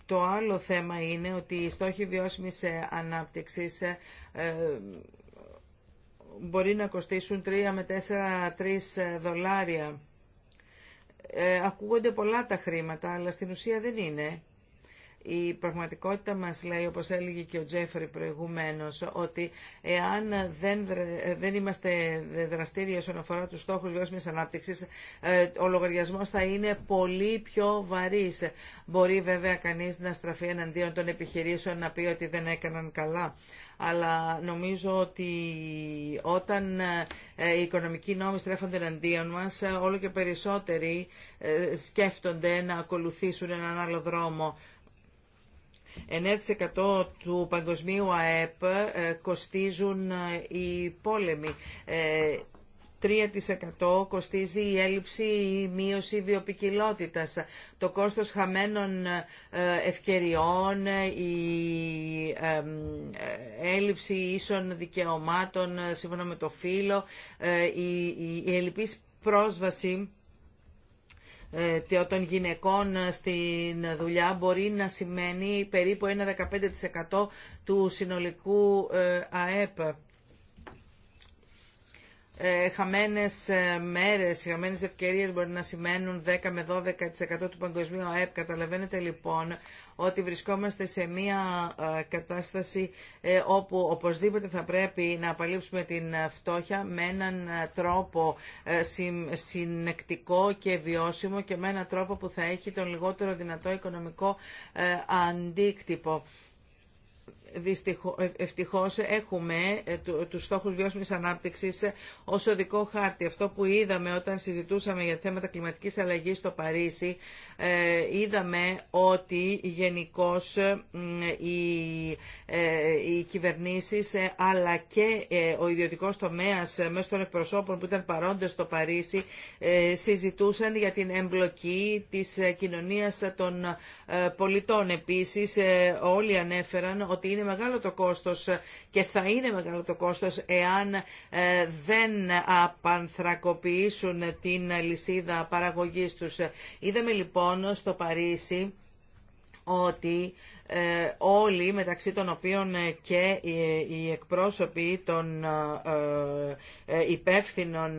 Το άλλο θέμα είναι ότι οι στόχοι βιώσιμης ε, ανάπτυξης ε, μπορεί να κοστίσουν 3 με 4-3 ε, δολάρια. ακούγονται πολλά τα χρήματα, αλλά στην ουσία δεν είναι. Η πραγματικότητα μας λέει, όπως έλεγε και ο Τζέφρι προηγουμένως, ότι εάν δεν, δεν είμαστε δραστήριοι όσον αφορά τους στόχους βιώσιμης ανάπτυξης, ε, ο λογαριασμός θα είναι πολύ πιο βαρύς. Μπορεί βέβαια κανείς να στραφεί εναντίον των επιχειρήσεων να πει ότι δεν έκαναν καλά αλλά νομίζω ότι όταν ε, οι οικονομικοί νόμοι στρέφονται εναντίον μας, όλο και περισσότεροι ε, σκέφτονται να ακολουθήσουν έναν άλλο δρόμο. 9% του παγκοσμίου ΑΕΠ ε, κοστίζουν ε, οι πόλεμοι. 3% ε, κοστίζει η έλλειψη ή μείωση βιοπικιλότητας, το κόστος χαμένων ευκαιριών, η έλλειψη ίσων δικαιωμάτων σύμφωνα με το φύλλο, η ελλειπής πρόσβαση ε, των γυναικών ε, στην δουλειά μπορεί να σημαίνει περίπου ένα 15% του συνολικού ε, ΑΕΠ ε, χαμένες ε, μέρες, χαμένες ευκαιρίες μπορεί να σημαίνουν 10 με 12% του παγκοσμίου ΑΕΠ. Καταλαβαίνετε λοιπόν ότι βρισκόμαστε σε μια ε, κατάσταση ε, όπου οπωσδήποτε θα πρέπει να απαλείψουμε την φτώχεια με έναν τρόπο συνεκτικό και βιώσιμο και με έναν τρόπο που θα έχει τον λιγότερο δυνατό οικονομικό αντίκτυπο δυστυχώς, ε, ευτυχώς έχουμε ε, τους στόχους βιώσιμης ανάπτυξης ως οδικό χάρτη. Αυτό που είδαμε όταν συζητούσαμε για θέματα κλιματικής αλλαγής στο Παρίσι, ε, είδαμε ότι γενικώ οι, οι κυβερνήσεις αλλά και ο ιδιωτικός τομέας μέσω των εκπροσώπων που ήταν παρόντες στο Παρίσι συζητούσαν για την εμπλοκή της κοινωνίας των πολιτών. Επίσης όλοι ανέφεραν ότι είναι μεγάλο το κόστος και θα είναι μεγάλο το κόστος εάν ε, δεν απανθρακοποιήσουν την λυσίδα παραγωγής τους. Είδαμε λοιπόν στο Παρίσι ότι ε, όλοι, μεταξύ των οποίων και οι εκπρόσωποι των ε, υπεύθυνων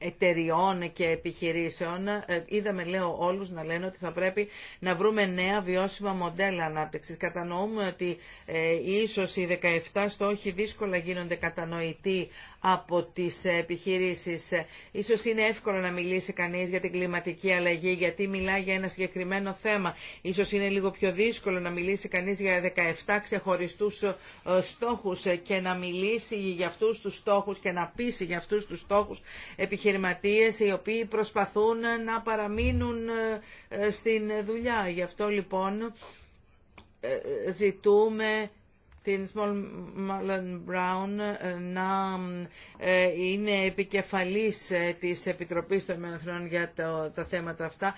εταιριών και επιχειρήσεων. Ε, είδαμε, λέω, όλους να λένε ότι θα πρέπει να βρούμε νέα βιώσιμα μοντέλα ανάπτυξη. Κατανοούμε ότι ε, ίσως οι 17 στόχοι δύσκολα γίνονται κατανοητοί από τις επιχειρήσεις. Ίσως είναι εύκολο να μιλήσει κανείς για την κλιματική αλλαγή γιατί μιλά για ένα συγκεκριμένο θέμα. Ίσως είναι λίγο πιο δύσκολο να μιλήσει κανείς για 17 ξεχωριστούς ε, στόχους και να μιλήσει για αυτούς τους στόχους και να πείσει για αυτούς τους στόχους επιχειρηματίες οι οποίοι προσπαθούν να παραμείνουν ε, ε, στην δουλειά. Γι' αυτό λοιπόν ζητούμε την Small Brown ε, να ε, είναι επικεφαλής ε, της Επιτροπής των Εθνών για τα θέματα αυτά.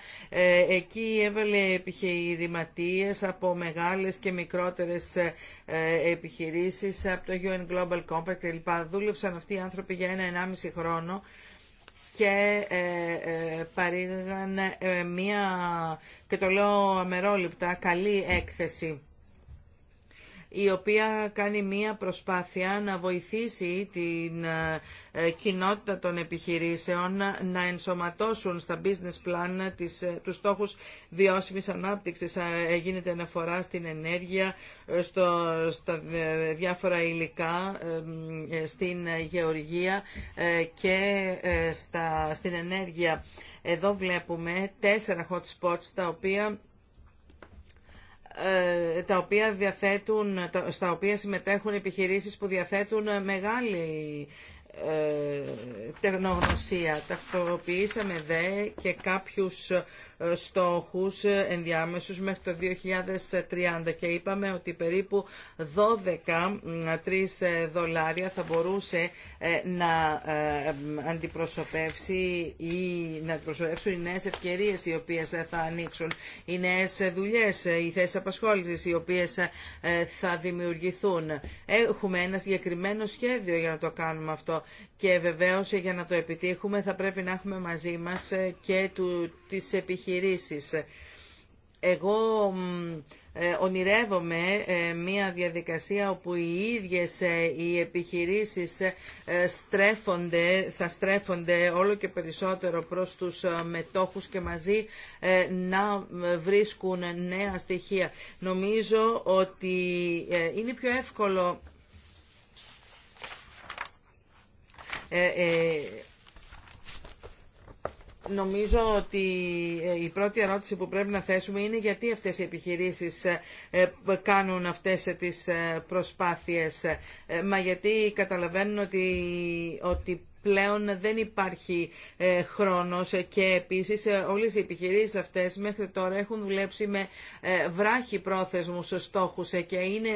Εκεί έβαλε επιχειρηματίες από μεγάλες και μικρότερες επιχειρήσεις από το UN Global Compact κλπ. Δούλεψαν αυτοί οι άνθρωποι για ένα-ενάμιση χρόνο και παρήγαν μία, και το λέω αμερόληπτα, καλή έκθεση η οποία κάνει μία προσπάθεια να βοηθήσει την ε, ε, κοινότητα των επιχειρήσεων να ενσωματώσουν στα business plan τις, ε, τους στόχους βιώσιμης ανάπτυξης. Γίνεται αναφορά στην ενέργεια, στο, στα διάφορα υλικά, στην γεωργία και στα, στην ενέργεια. Εδώ βλέπουμε τέσσερα hot spots τα οποία ε, τα οποία διαθέτουν, στα οποία συμμετέχουν επιχειρήσεις που διαθέτουν μεγάλη ε, τεχνογνωσία. Τακτοποιήσαμε δε και κάποιους στόχους ενδιάμεσους μέχρι το 2030 και είπαμε ότι περίπου 12-3 ε, ε, δολάρια θα μπορούσε ε, να αντιπροσωπεύσει ή να αντιπροσωπεύσουν οι νέες ευκαιρίες οι οποίες θα ανοίξουν, οι νέες δουλειές, οι θέσεις απασχόλησης οι οποίες θα δημιουργηθούν. Έχουμε ένα συγκεκριμένο σχέδιο για να το κάνουμε αυτό και βεβαίως για να το επιτύχουμε θα πρέπει να έχουμε μαζί μας και του, τις επιχειρήσεις. Εγώ ε, ονειρεύομαι ε, μια διαδικασία όπου οι ίδιες ε, οι επιχειρήσεις στρέφονται, θα στρέφονται όλο και περισσότερο προς τους μετόχους και μαζί να βρίσκουν νέα στοιχεία. Νομίζω ότι είναι πιο εύκολο Νομίζω ότι ε, η πρώτη ερώτηση που πρέπει να θέσουμε είναι γιατί αυτές οι επιχειρήσεις ε, ε, κάνουν αυτές τις προσπάθειες. Μα γιατί καταλαβαίνουν ότι, ότι πλέον δεν υπάρχει χρόνος και επίσης όλες οι επιχειρήσεις αυτές μέχρι τώρα έχουν δουλέψει με βράχοι πρόθεσμους στόχους και είναι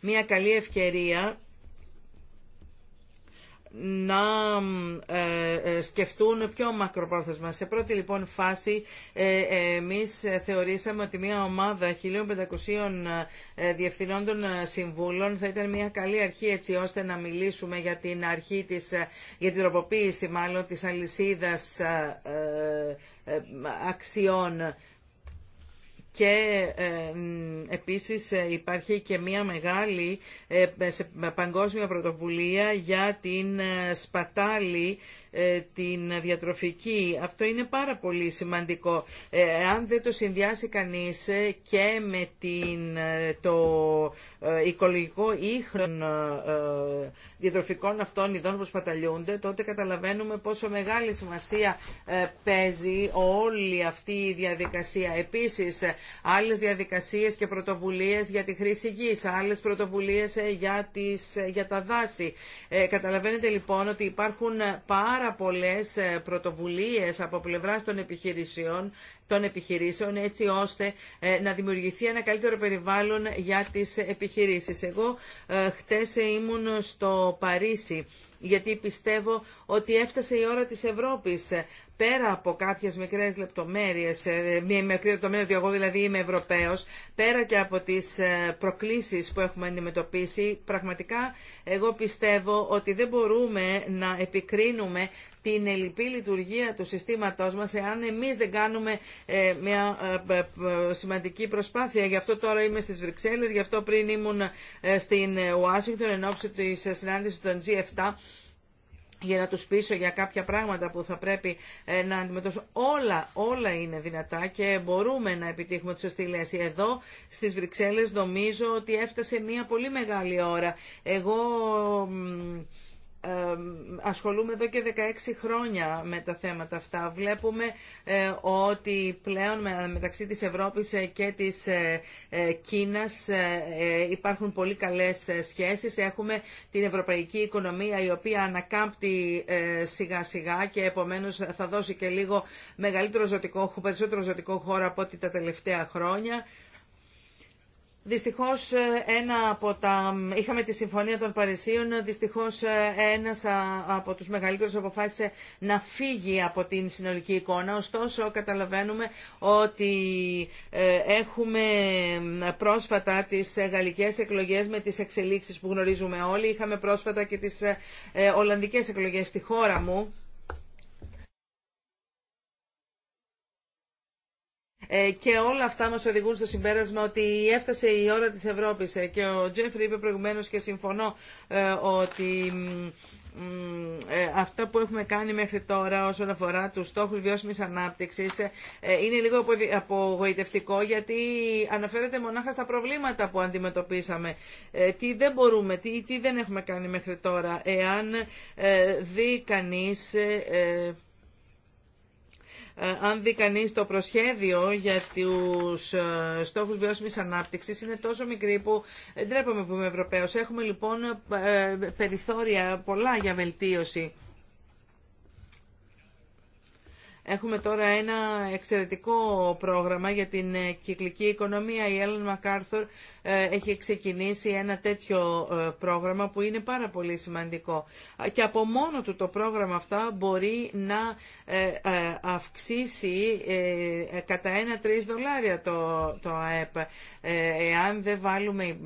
μια καλή ευκαιρία να ε, ε, σκεφτούν πιο μακροπρόθεσμα. Σε πρώτη λοιπόν φάση ε, εμείς θεωρήσαμε ότι μια ομάδα 1500 διευθυνών των συμβούλων θα ήταν μια καλή αρχή έτσι ώστε να μιλήσουμε για την αρχή της, για την τροποποίηση μάλλον της αλυσίδας αξιών και ε, επίσης ε, υπάρχει και μια μεγάλη ε, παγκόσμια πρωτοβουλία για την σπατάλη ε, την διατροφική. Αυτό είναι πάρα πολύ σημαντικό. Ε, αν δεν το συνδυάσει κανείς ε, και με την, το οικολογικό ήχρον διατροφικών αυτών ειδών που σπαταλιούνται, τότε καταλαβαίνουμε πόσο μεγάλη σημασία παίζει όλη αυτή η διαδικασία. Επίσης, άλλες διαδικασίες και πρωτοβουλίες για τη χρήση γης, άλλες πρωτοβουλίες για, τις, για τα δάση. Καταλαβαίνετε λοιπόν ότι υπάρχουν πάρα πάρα πολλές ε, πρωτοβουλίες από πλευράς των επιχειρήσεων, των επιχειρήσεων έτσι ώστε ε, να δημιουργηθεί ένα καλύτερο περιβάλλον για τις επιχειρήσεις. Εγώ ε, χτες ήμουν στο Παρίσι γιατί πιστεύω ότι έφτασε η ώρα της Ευρώπης πέρα από κάποιες μικρές λεπτομέρειες, ε, μια μικρή λεπτομέρεια ότι εγώ δηλαδή είμαι Ευρωπαίος, πέρα και από τις ε, προκλήσεις που έχουμε αντιμετωπίσει, πραγματικά εγώ πιστεύω ότι δεν μπορούμε να επικρίνουμε την ελληπή λειτουργία του συστήματός μας εάν εμείς δεν κάνουμε ε, μια ε, σημαντική προσπάθεια. Γι' αυτό τώρα είμαι στις Βρυξέλλες, γι' αυτό πριν ήμουν ε, στην Ουάσιγκτον εν ώψη της συνάντησης των G7 για να τους πείσω για κάποια πράγματα που θα πρέπει να αντιμετωπίσουν. Όλα, όλα είναι δυνατά και μπορούμε να επιτύχουμε τη σωστή λέση. Εδώ στις Βρυξέλλες νομίζω ότι έφτασε μια πολύ μεγάλη ώρα. Εγώ ασχολούμαι εδώ και 16 χρόνια με τα θέματα αυτά. Βλέπουμε ε, ότι πλέον μεταξύ της Ευρώπης ε, και της ε, Κίνας υπάρχουν πολύ καλές σχέσεις. Έχουμε την ευρωπαϊκή οικονομία η οποία ανακάμπτει σιγά σιγά και επομένως θα δώσει και λίγο μεγαλύτερο ζωτικό, περισσότερο ζωτικό χώρο από ό,τι τα τελευταία χρόνια. Δυστυχώ ε, ένα από τα... είχαμε τη Συμφωνία των Παρισίων, δυστυχώ ε, ένα από τους μεγαλύτερου αποφάσισε να φύγει από την συνολική εικόνα. Ωστόσο καταλαβαίνουμε ότι ε, έχουμε πρόσφατα τις γαλλικέ εκλογές με τις εξελίξεις που γνωρίζουμε όλοι. Είχαμε πρόσφατα και τις ολλανδικές εκλογές στη χώρα μου Ε, και όλα αυτά μας οδηγούν στο συμπέρασμα ότι έφτασε η ώρα της Ευρώπης ε, και ο Τζέφρι είπε προηγουμένως και συμφωνώ ε, ότι αυτά που έχουμε κάνει μέχρι τώρα όσον αφορά τους στόχους βιώσιμης ανάπτυξης είναι λίγο απογοητευτικό γιατί αναφέρεται μονάχα στα προβλήματα που αντιμετωπίσαμε. Τι δεν μπορούμε, τι, τι δεν έχουμε κάνει μέχρι τώρα. Εάν δει κανείς ε, αν δει κανεί το προσχέδιο για του ε, στόχου βιώσιμη ανάπτυξης είναι τόσο μικρή που ντρέπομαι που είμαι Ευρωπαίο. Έχουμε λοιπόν ε, περιθώρια πολλά για βελτίωση. Έχουμε τώρα ένα εξαιρετικό πρόγραμμα για την ε, κυκλική οικονομία. Η Έλλην Μακάρθορ ε, έχει ξεκινήσει ένα τέτοιο ε, πρόγραμμα που είναι πάρα πολύ σημαντικό. Και από μόνο του το πρόγραμμα αυτά μπορεί να αυξήσει ένα 1-3 δολάρια το, το ΑΕΠ. Εάν δεν βάλουμε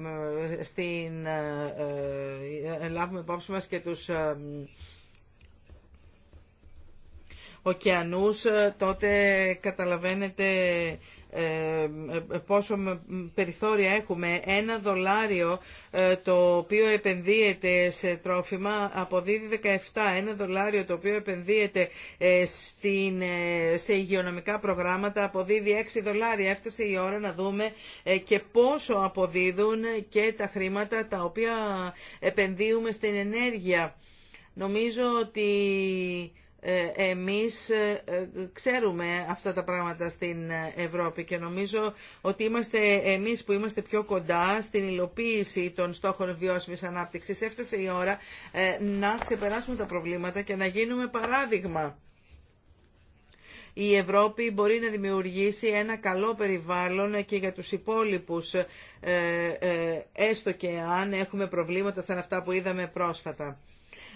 στην, λάβουμε υπόψη μας και τους ωκεανούς, ε, τότε καταλαβαίνετε ε, ε, πόσο περιθώρια έχουμε. Ένα δολάριο το οποίο επενδύεται σε τρόφιμα αποδίδει 17. Ένα δολάριο το οποίο επενδύεται στην, σε υγειονομικά προγράμματα αποδίδει 6 δολάρια. Έφτασε η ώρα να δούμε και πόσο αποδίδουν και τα χρήματα τα οποία επενδύουμε στην ενέργεια. Νομίζω ότι ε, εμείς ε, ε, ξέρουμε αυτά τα πράγματα στην Ευρώπη και νομίζω ότι είμαστε εμείς που είμαστε πιο κοντά στην υλοποίηση των στόχων βιώσιμης ανάπτυξης. Έφτασε η ώρα να ξεπεράσουμε τα προβλήματα και να γίνουμε παράδειγμα. Η Ευρώπη μπορεί να δημιουργήσει ένα καλό περιβάλλον και για τους υπόλοιπους, έστω και αν έχουμε προβλήματα σαν αυτά που είδαμε πρόσφατα.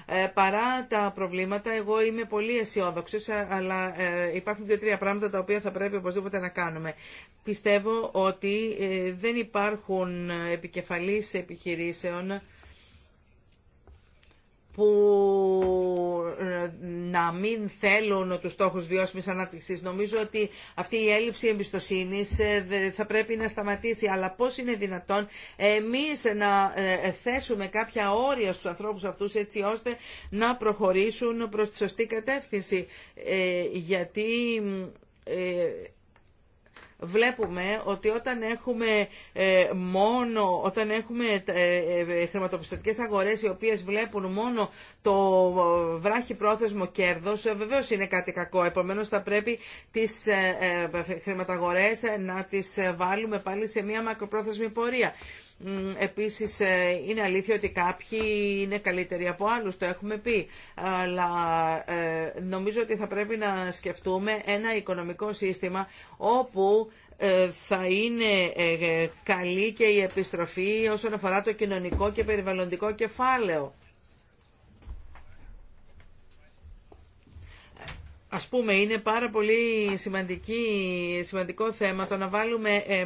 Ε, παρά τα προβλήματα, εγώ είμαι πολύ αισιόδοξο, αλλά ε, υπάρχουν δύο-τρία πράγματα τα οποία θα πρέπει οπωσδήποτε να κάνουμε. Πιστεύω ότι ε, δεν υπάρχουν επικεφαλής επιχειρήσεων που ε, να μην θέλουν τους στόχους βιώσιμης ανάπτυξης. Νομίζω ότι αυτή η έλλειψη εμπιστοσύνης ε, θα πρέπει να σταματήσει. Αλλά πώς είναι δυνατόν εμείς να ε, θέσουμε κάποια όρια στους ανθρώπους αυτούς έτσι ώστε να προχωρήσουν προς τη σωστή κατεύθυνση. Γιατί βλέπουμε ότι όταν έχουμε ε, μόνο, όταν έχουμε ε, ε, χρηματοπιστωτικές αγορές οι οποίες βλέπουν μόνο το βράχι πρόθεσμο κέρδος, βεβαίως είναι κάτι κακό. Επομένως θα πρέπει τις χρηματαγορές να τις βάλουμε πάλι σε μια μακροπρόθεσμη πορεία. Επίσης ε, είναι αλήθεια ότι κάποιοι είναι καλύτεροι από άλλους, το έχουμε πει, αλλά ε, νομίζω ότι θα πρέπει να σκεφτούμε ένα οικονομικό σύστημα όπου ε, θα είναι καλή και η επιστροφή όσον αφορά το κοινωνικό και περιβαλλοντικό κεφάλαιο. Ας πούμε, είναι πάρα πολύ σημαντική, σημαντικό θέμα το να βάλουμε, ε,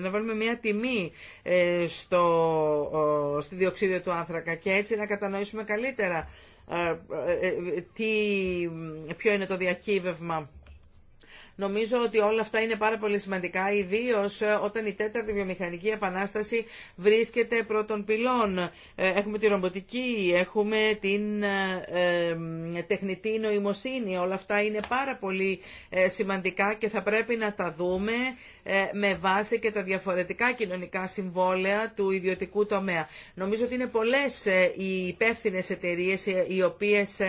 να βάλουμε μια τιμή ε, στο, ε, στη διοξίδιο του άνθρακα και έτσι να κατανοήσουμε καλύτερα ε, ε, τι, ποιο είναι το διακύβευμα Νομίζω ότι όλα αυτά είναι πάρα πολύ σημαντικά, ιδίω ε, όταν η τέταρτη βιομηχανική επανάσταση βρίσκεται πρώτων πυλών. Ε, έχουμε τη ρομποτική, έχουμε την ε, τεχνητή νοημοσύνη. Όλα αυτά είναι πάρα πολύ σημαντικά και θα πρέπει να τα δούμε ε, με βάση και τα διαφορετικά κοινωνικά συμβόλαια του ιδιωτικού τομέα. Νομίζω ότι είναι πολλές ε, οι υπεύθυνε εταιρείε ε, οι οποίες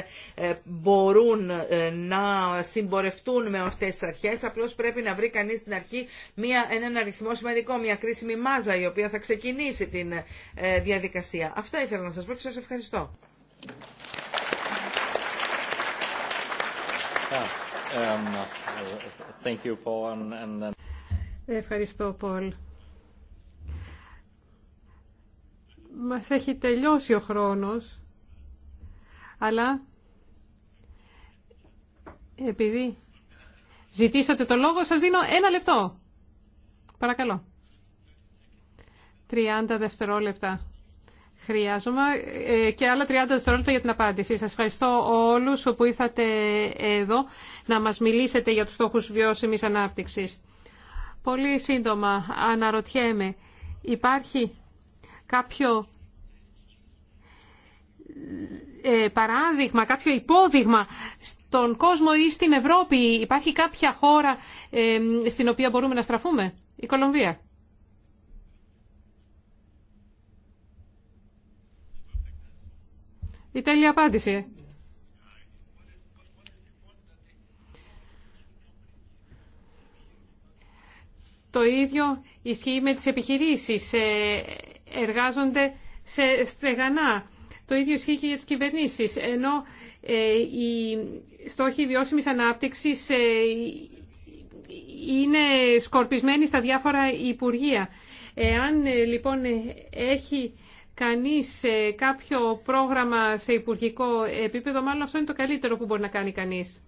μπορούν να συμπορευτούν με αυτές τις αρχές. Απλώς πρέπει να βρει κανείς στην αρχή μια, έναν αριθμό σημαντικό, μια κρίσιμη μάζα η οποία θα ξεκινήσει την διαδικασία. Αυτά ήθελα να σας πω και σας ευχαριστώ. Ah, um, uh, thank you, Ευχαριστώ, Πολ. Μας έχει τελειώσει ο χρόνος, αλλά επειδή ζητήσατε το λόγο, σας δίνω ένα λεπτό. Παρακαλώ. 30 δευτερόλεπτα χρειάζομαι ε, και άλλα 30 δευτερόλεπτα για την απάντηση. Σας ευχαριστώ όλους που ήρθατε εδώ να μας μιλήσετε για τους στόχους βιώσιμης ανάπτυξης. Πολύ σύντομα αναρωτιέμαι, υπάρχει κάποιο ε, παράδειγμα, κάποιο υπόδειγμα στον κόσμο ή στην Ευρώπη. Υπάρχει κάποια χώρα ε, στην οποία μπορούμε να στραφούμε. Η Κολομβία. Η τέλεια απάντηση. Το ίδιο ισχύει με τις επιχειρήσεις. Ε, εργάζονται σε στεγανά. Το ίδιο ισχύει και για τις κυβερνήσεις. Ενώ ε, οι στόχοι βιώσιμης ανάπτυξης ε, είναι σκορπισμένοι στα διάφορα υπουργεία. Εάν λοιπόν έχει κανείς κάποιο πρόγραμμα σε υπουργικό επίπεδο, μάλλον αυτό είναι το καλύτερο που μπορεί να κάνει κανείς.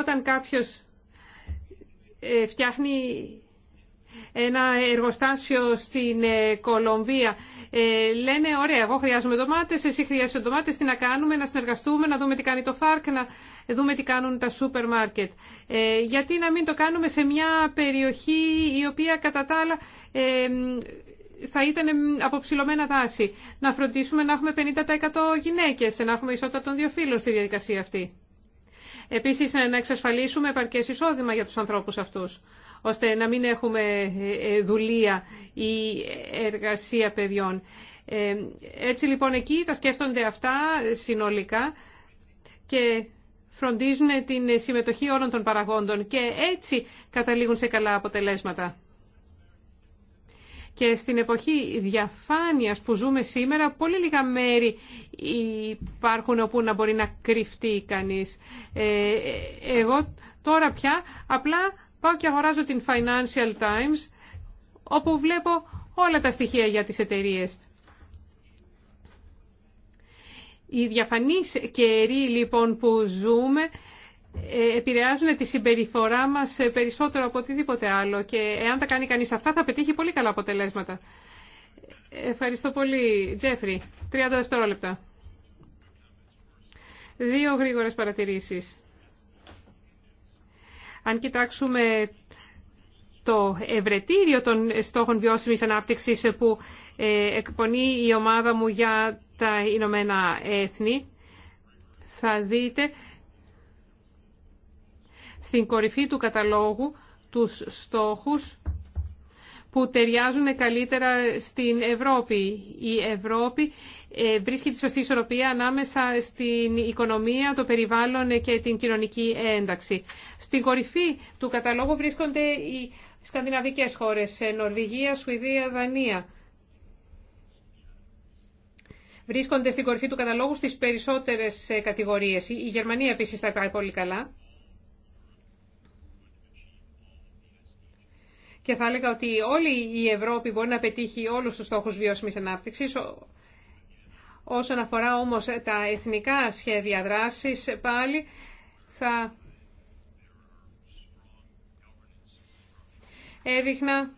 Όταν κάποιος ε, φτιάχνει ένα εργοστάσιο στην ε, Κολομβία. Ε, λένε, ωραία, εγώ χρειάζομαι ντομάτες, εσύ χρειάζεσαι ντομάτες, τι να κάνουμε, να συνεργαστούμε, να δούμε τι κάνει το ΦΑΡΚ, να δούμε τι κάνουν τα σούπερ μάρκετ. Ε, γιατί να μην το κάνουμε σε μια περιοχή η οποία κατά τα άλλα ε, θα ήταν αποψηλωμένα δάση. Να φροντίσουμε να έχουμε 50% γυναίκες, να έχουμε ισότητα των δύο φίλων στη διαδικασία αυτή. Επίσης, ε, να εξασφαλίσουμε επαρκές εισόδημα για τους ανθρώπους αυτούς, ώστε να μην έχουμε ε, ε, δουλεία ή εργασία παιδιών. Έτσι λοιπόν εκεί τα σκέφτονται αυτά συνολικά και φροντίζουν την συμμετοχή όλων των παραγόντων και έτσι καταλήγουν σε καλά αποτελέσματα. Και στην εποχή διαφάνειας που ζούμε σήμερα, πολύ λίγα μέρη υπάρχουν όπου να μπορεί να κρυφτεί κανείς. Ε, εγώ τώρα πια απλά πάω και αγοράζω την Financial Times, όπου βλέπω όλα τα στοιχεία για τις εταιρείες. Οι διαφανείς καιροί λοιπόν που ζούμε επηρεάζουν τη συμπεριφορά μας περισσότερο από οτιδήποτε άλλο και εάν τα κάνει κανείς αυτά θα πετύχει πολύ καλά αποτελέσματα. Ευχαριστώ πολύ, Τζέφρι. 30 δευτερόλεπτα. Δύο γρήγορες παρατηρήσεις. Αν κοιτάξουμε το ευρετήριο των στόχων βιώσιμης ανάπτυξης που ε, εκπονεί η ομάδα μου για τα Ηνωμένα Έθνη, θα δείτε στην κορυφή του καταλόγου τους στόχους που ταιριάζουν καλύτερα στην Ευρώπη. Η Ευρώπη ε, βρίσκει τη σωστή ισορροπία ανάμεσα στην οικονομία, το περιβάλλον και την κοινωνική ένταξη. Στην κορυφή του καταλόγου βρίσκονται οι σκανδιναβικές χώρες, ε, Νορβηγία, Σουηδία, Δανία. Βρίσκονται στην κορυφή του καταλόγου στις περισσότερες ε, κατηγορίες. Η Γερμανία επίσης τα πάει πολύ καλά. και θα έλεγα ότι όλη η Ευρώπη μπορεί να πετύχει όλους τους στόχους βιώσιμης ανάπτυξης. Όσον αφορά όμως τα εθνικά σχέδια δράσης, πάλι θα έδειχνα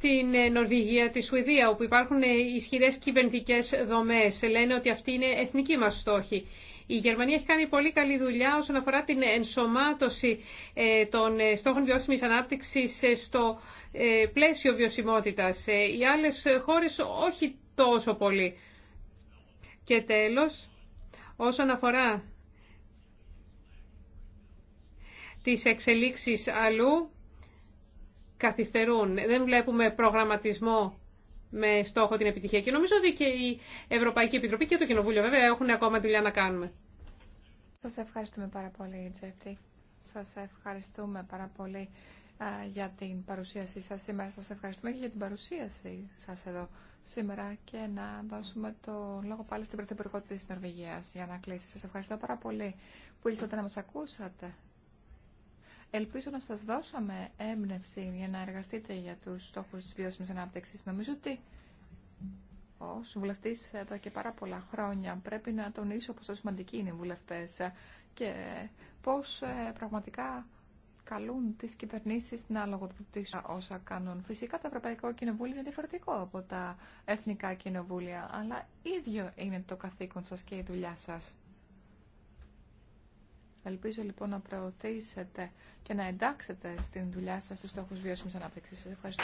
την Νορβηγία, τη Σουηδία, όπου υπάρχουν ισχυρές κυβερνητικές δομές. Λένε ότι αυτή είναι εθνική μας στόχη. Η Γερμανία έχει κάνει πολύ καλή δουλειά όσον αφορά την ενσωμάτωση ε, των ε, στόχων βιώσιμης ανάπτυξης ε, στο πλαίσιο βιωσιμότητας. Οι άλλες χώρες όχι τόσο πολύ. Και τέλος, όσον αφορά τις εξελίξεις αλλού, καθυστερούν. Δεν βλέπουμε προγραμματισμό με στόχο την επιτυχία. Και νομίζω ότι και η Ευρωπαϊκή Επιτροπή και το Κοινοβούλιο βέβαια έχουν ακόμα δουλειά να κάνουμε. Σας ευχαριστούμε πάρα πολύ, Τζέφτη. Σας ευχαριστούμε πάρα πολύ για την παρουσίασή σας σήμερα. Σας ευχαριστούμε και για την παρουσίαση σας εδώ σήμερα και να δώσουμε το λόγο πάλι στην Πρωθυπουργό τη Νορβηγίας για να κλείσει. Σα ευχαριστώ πάρα πολύ που ήλθατε να μα ακούσατε. Ελπίζω να σας δώσαμε έμπνευση για να εργαστείτε για τους στόχους της βιώσιμης ανάπτυξης. Νομίζω ότι ο βουλευτή εδώ και πάρα πολλά χρόνια πρέπει να τονίσω πόσο σημαντικοί είναι οι βουλευτέ και πώς ε, πραγματικά καλούν τις κυβερνήσεις να λογοδοτήσουν όσα κάνουν. Φυσικά το Ευρωπαϊκό Κοινοβούλιο είναι διαφορετικό από τα εθνικά κοινοβούλια, αλλά ίδιο είναι το καθήκον σας και η δουλειά σας. Ελπίζω λοιπόν να προωθήσετε και να εντάξετε στην δουλειά σας τους στόχους βιώσιμης ανάπτυξης. Σας ευχαριστώ.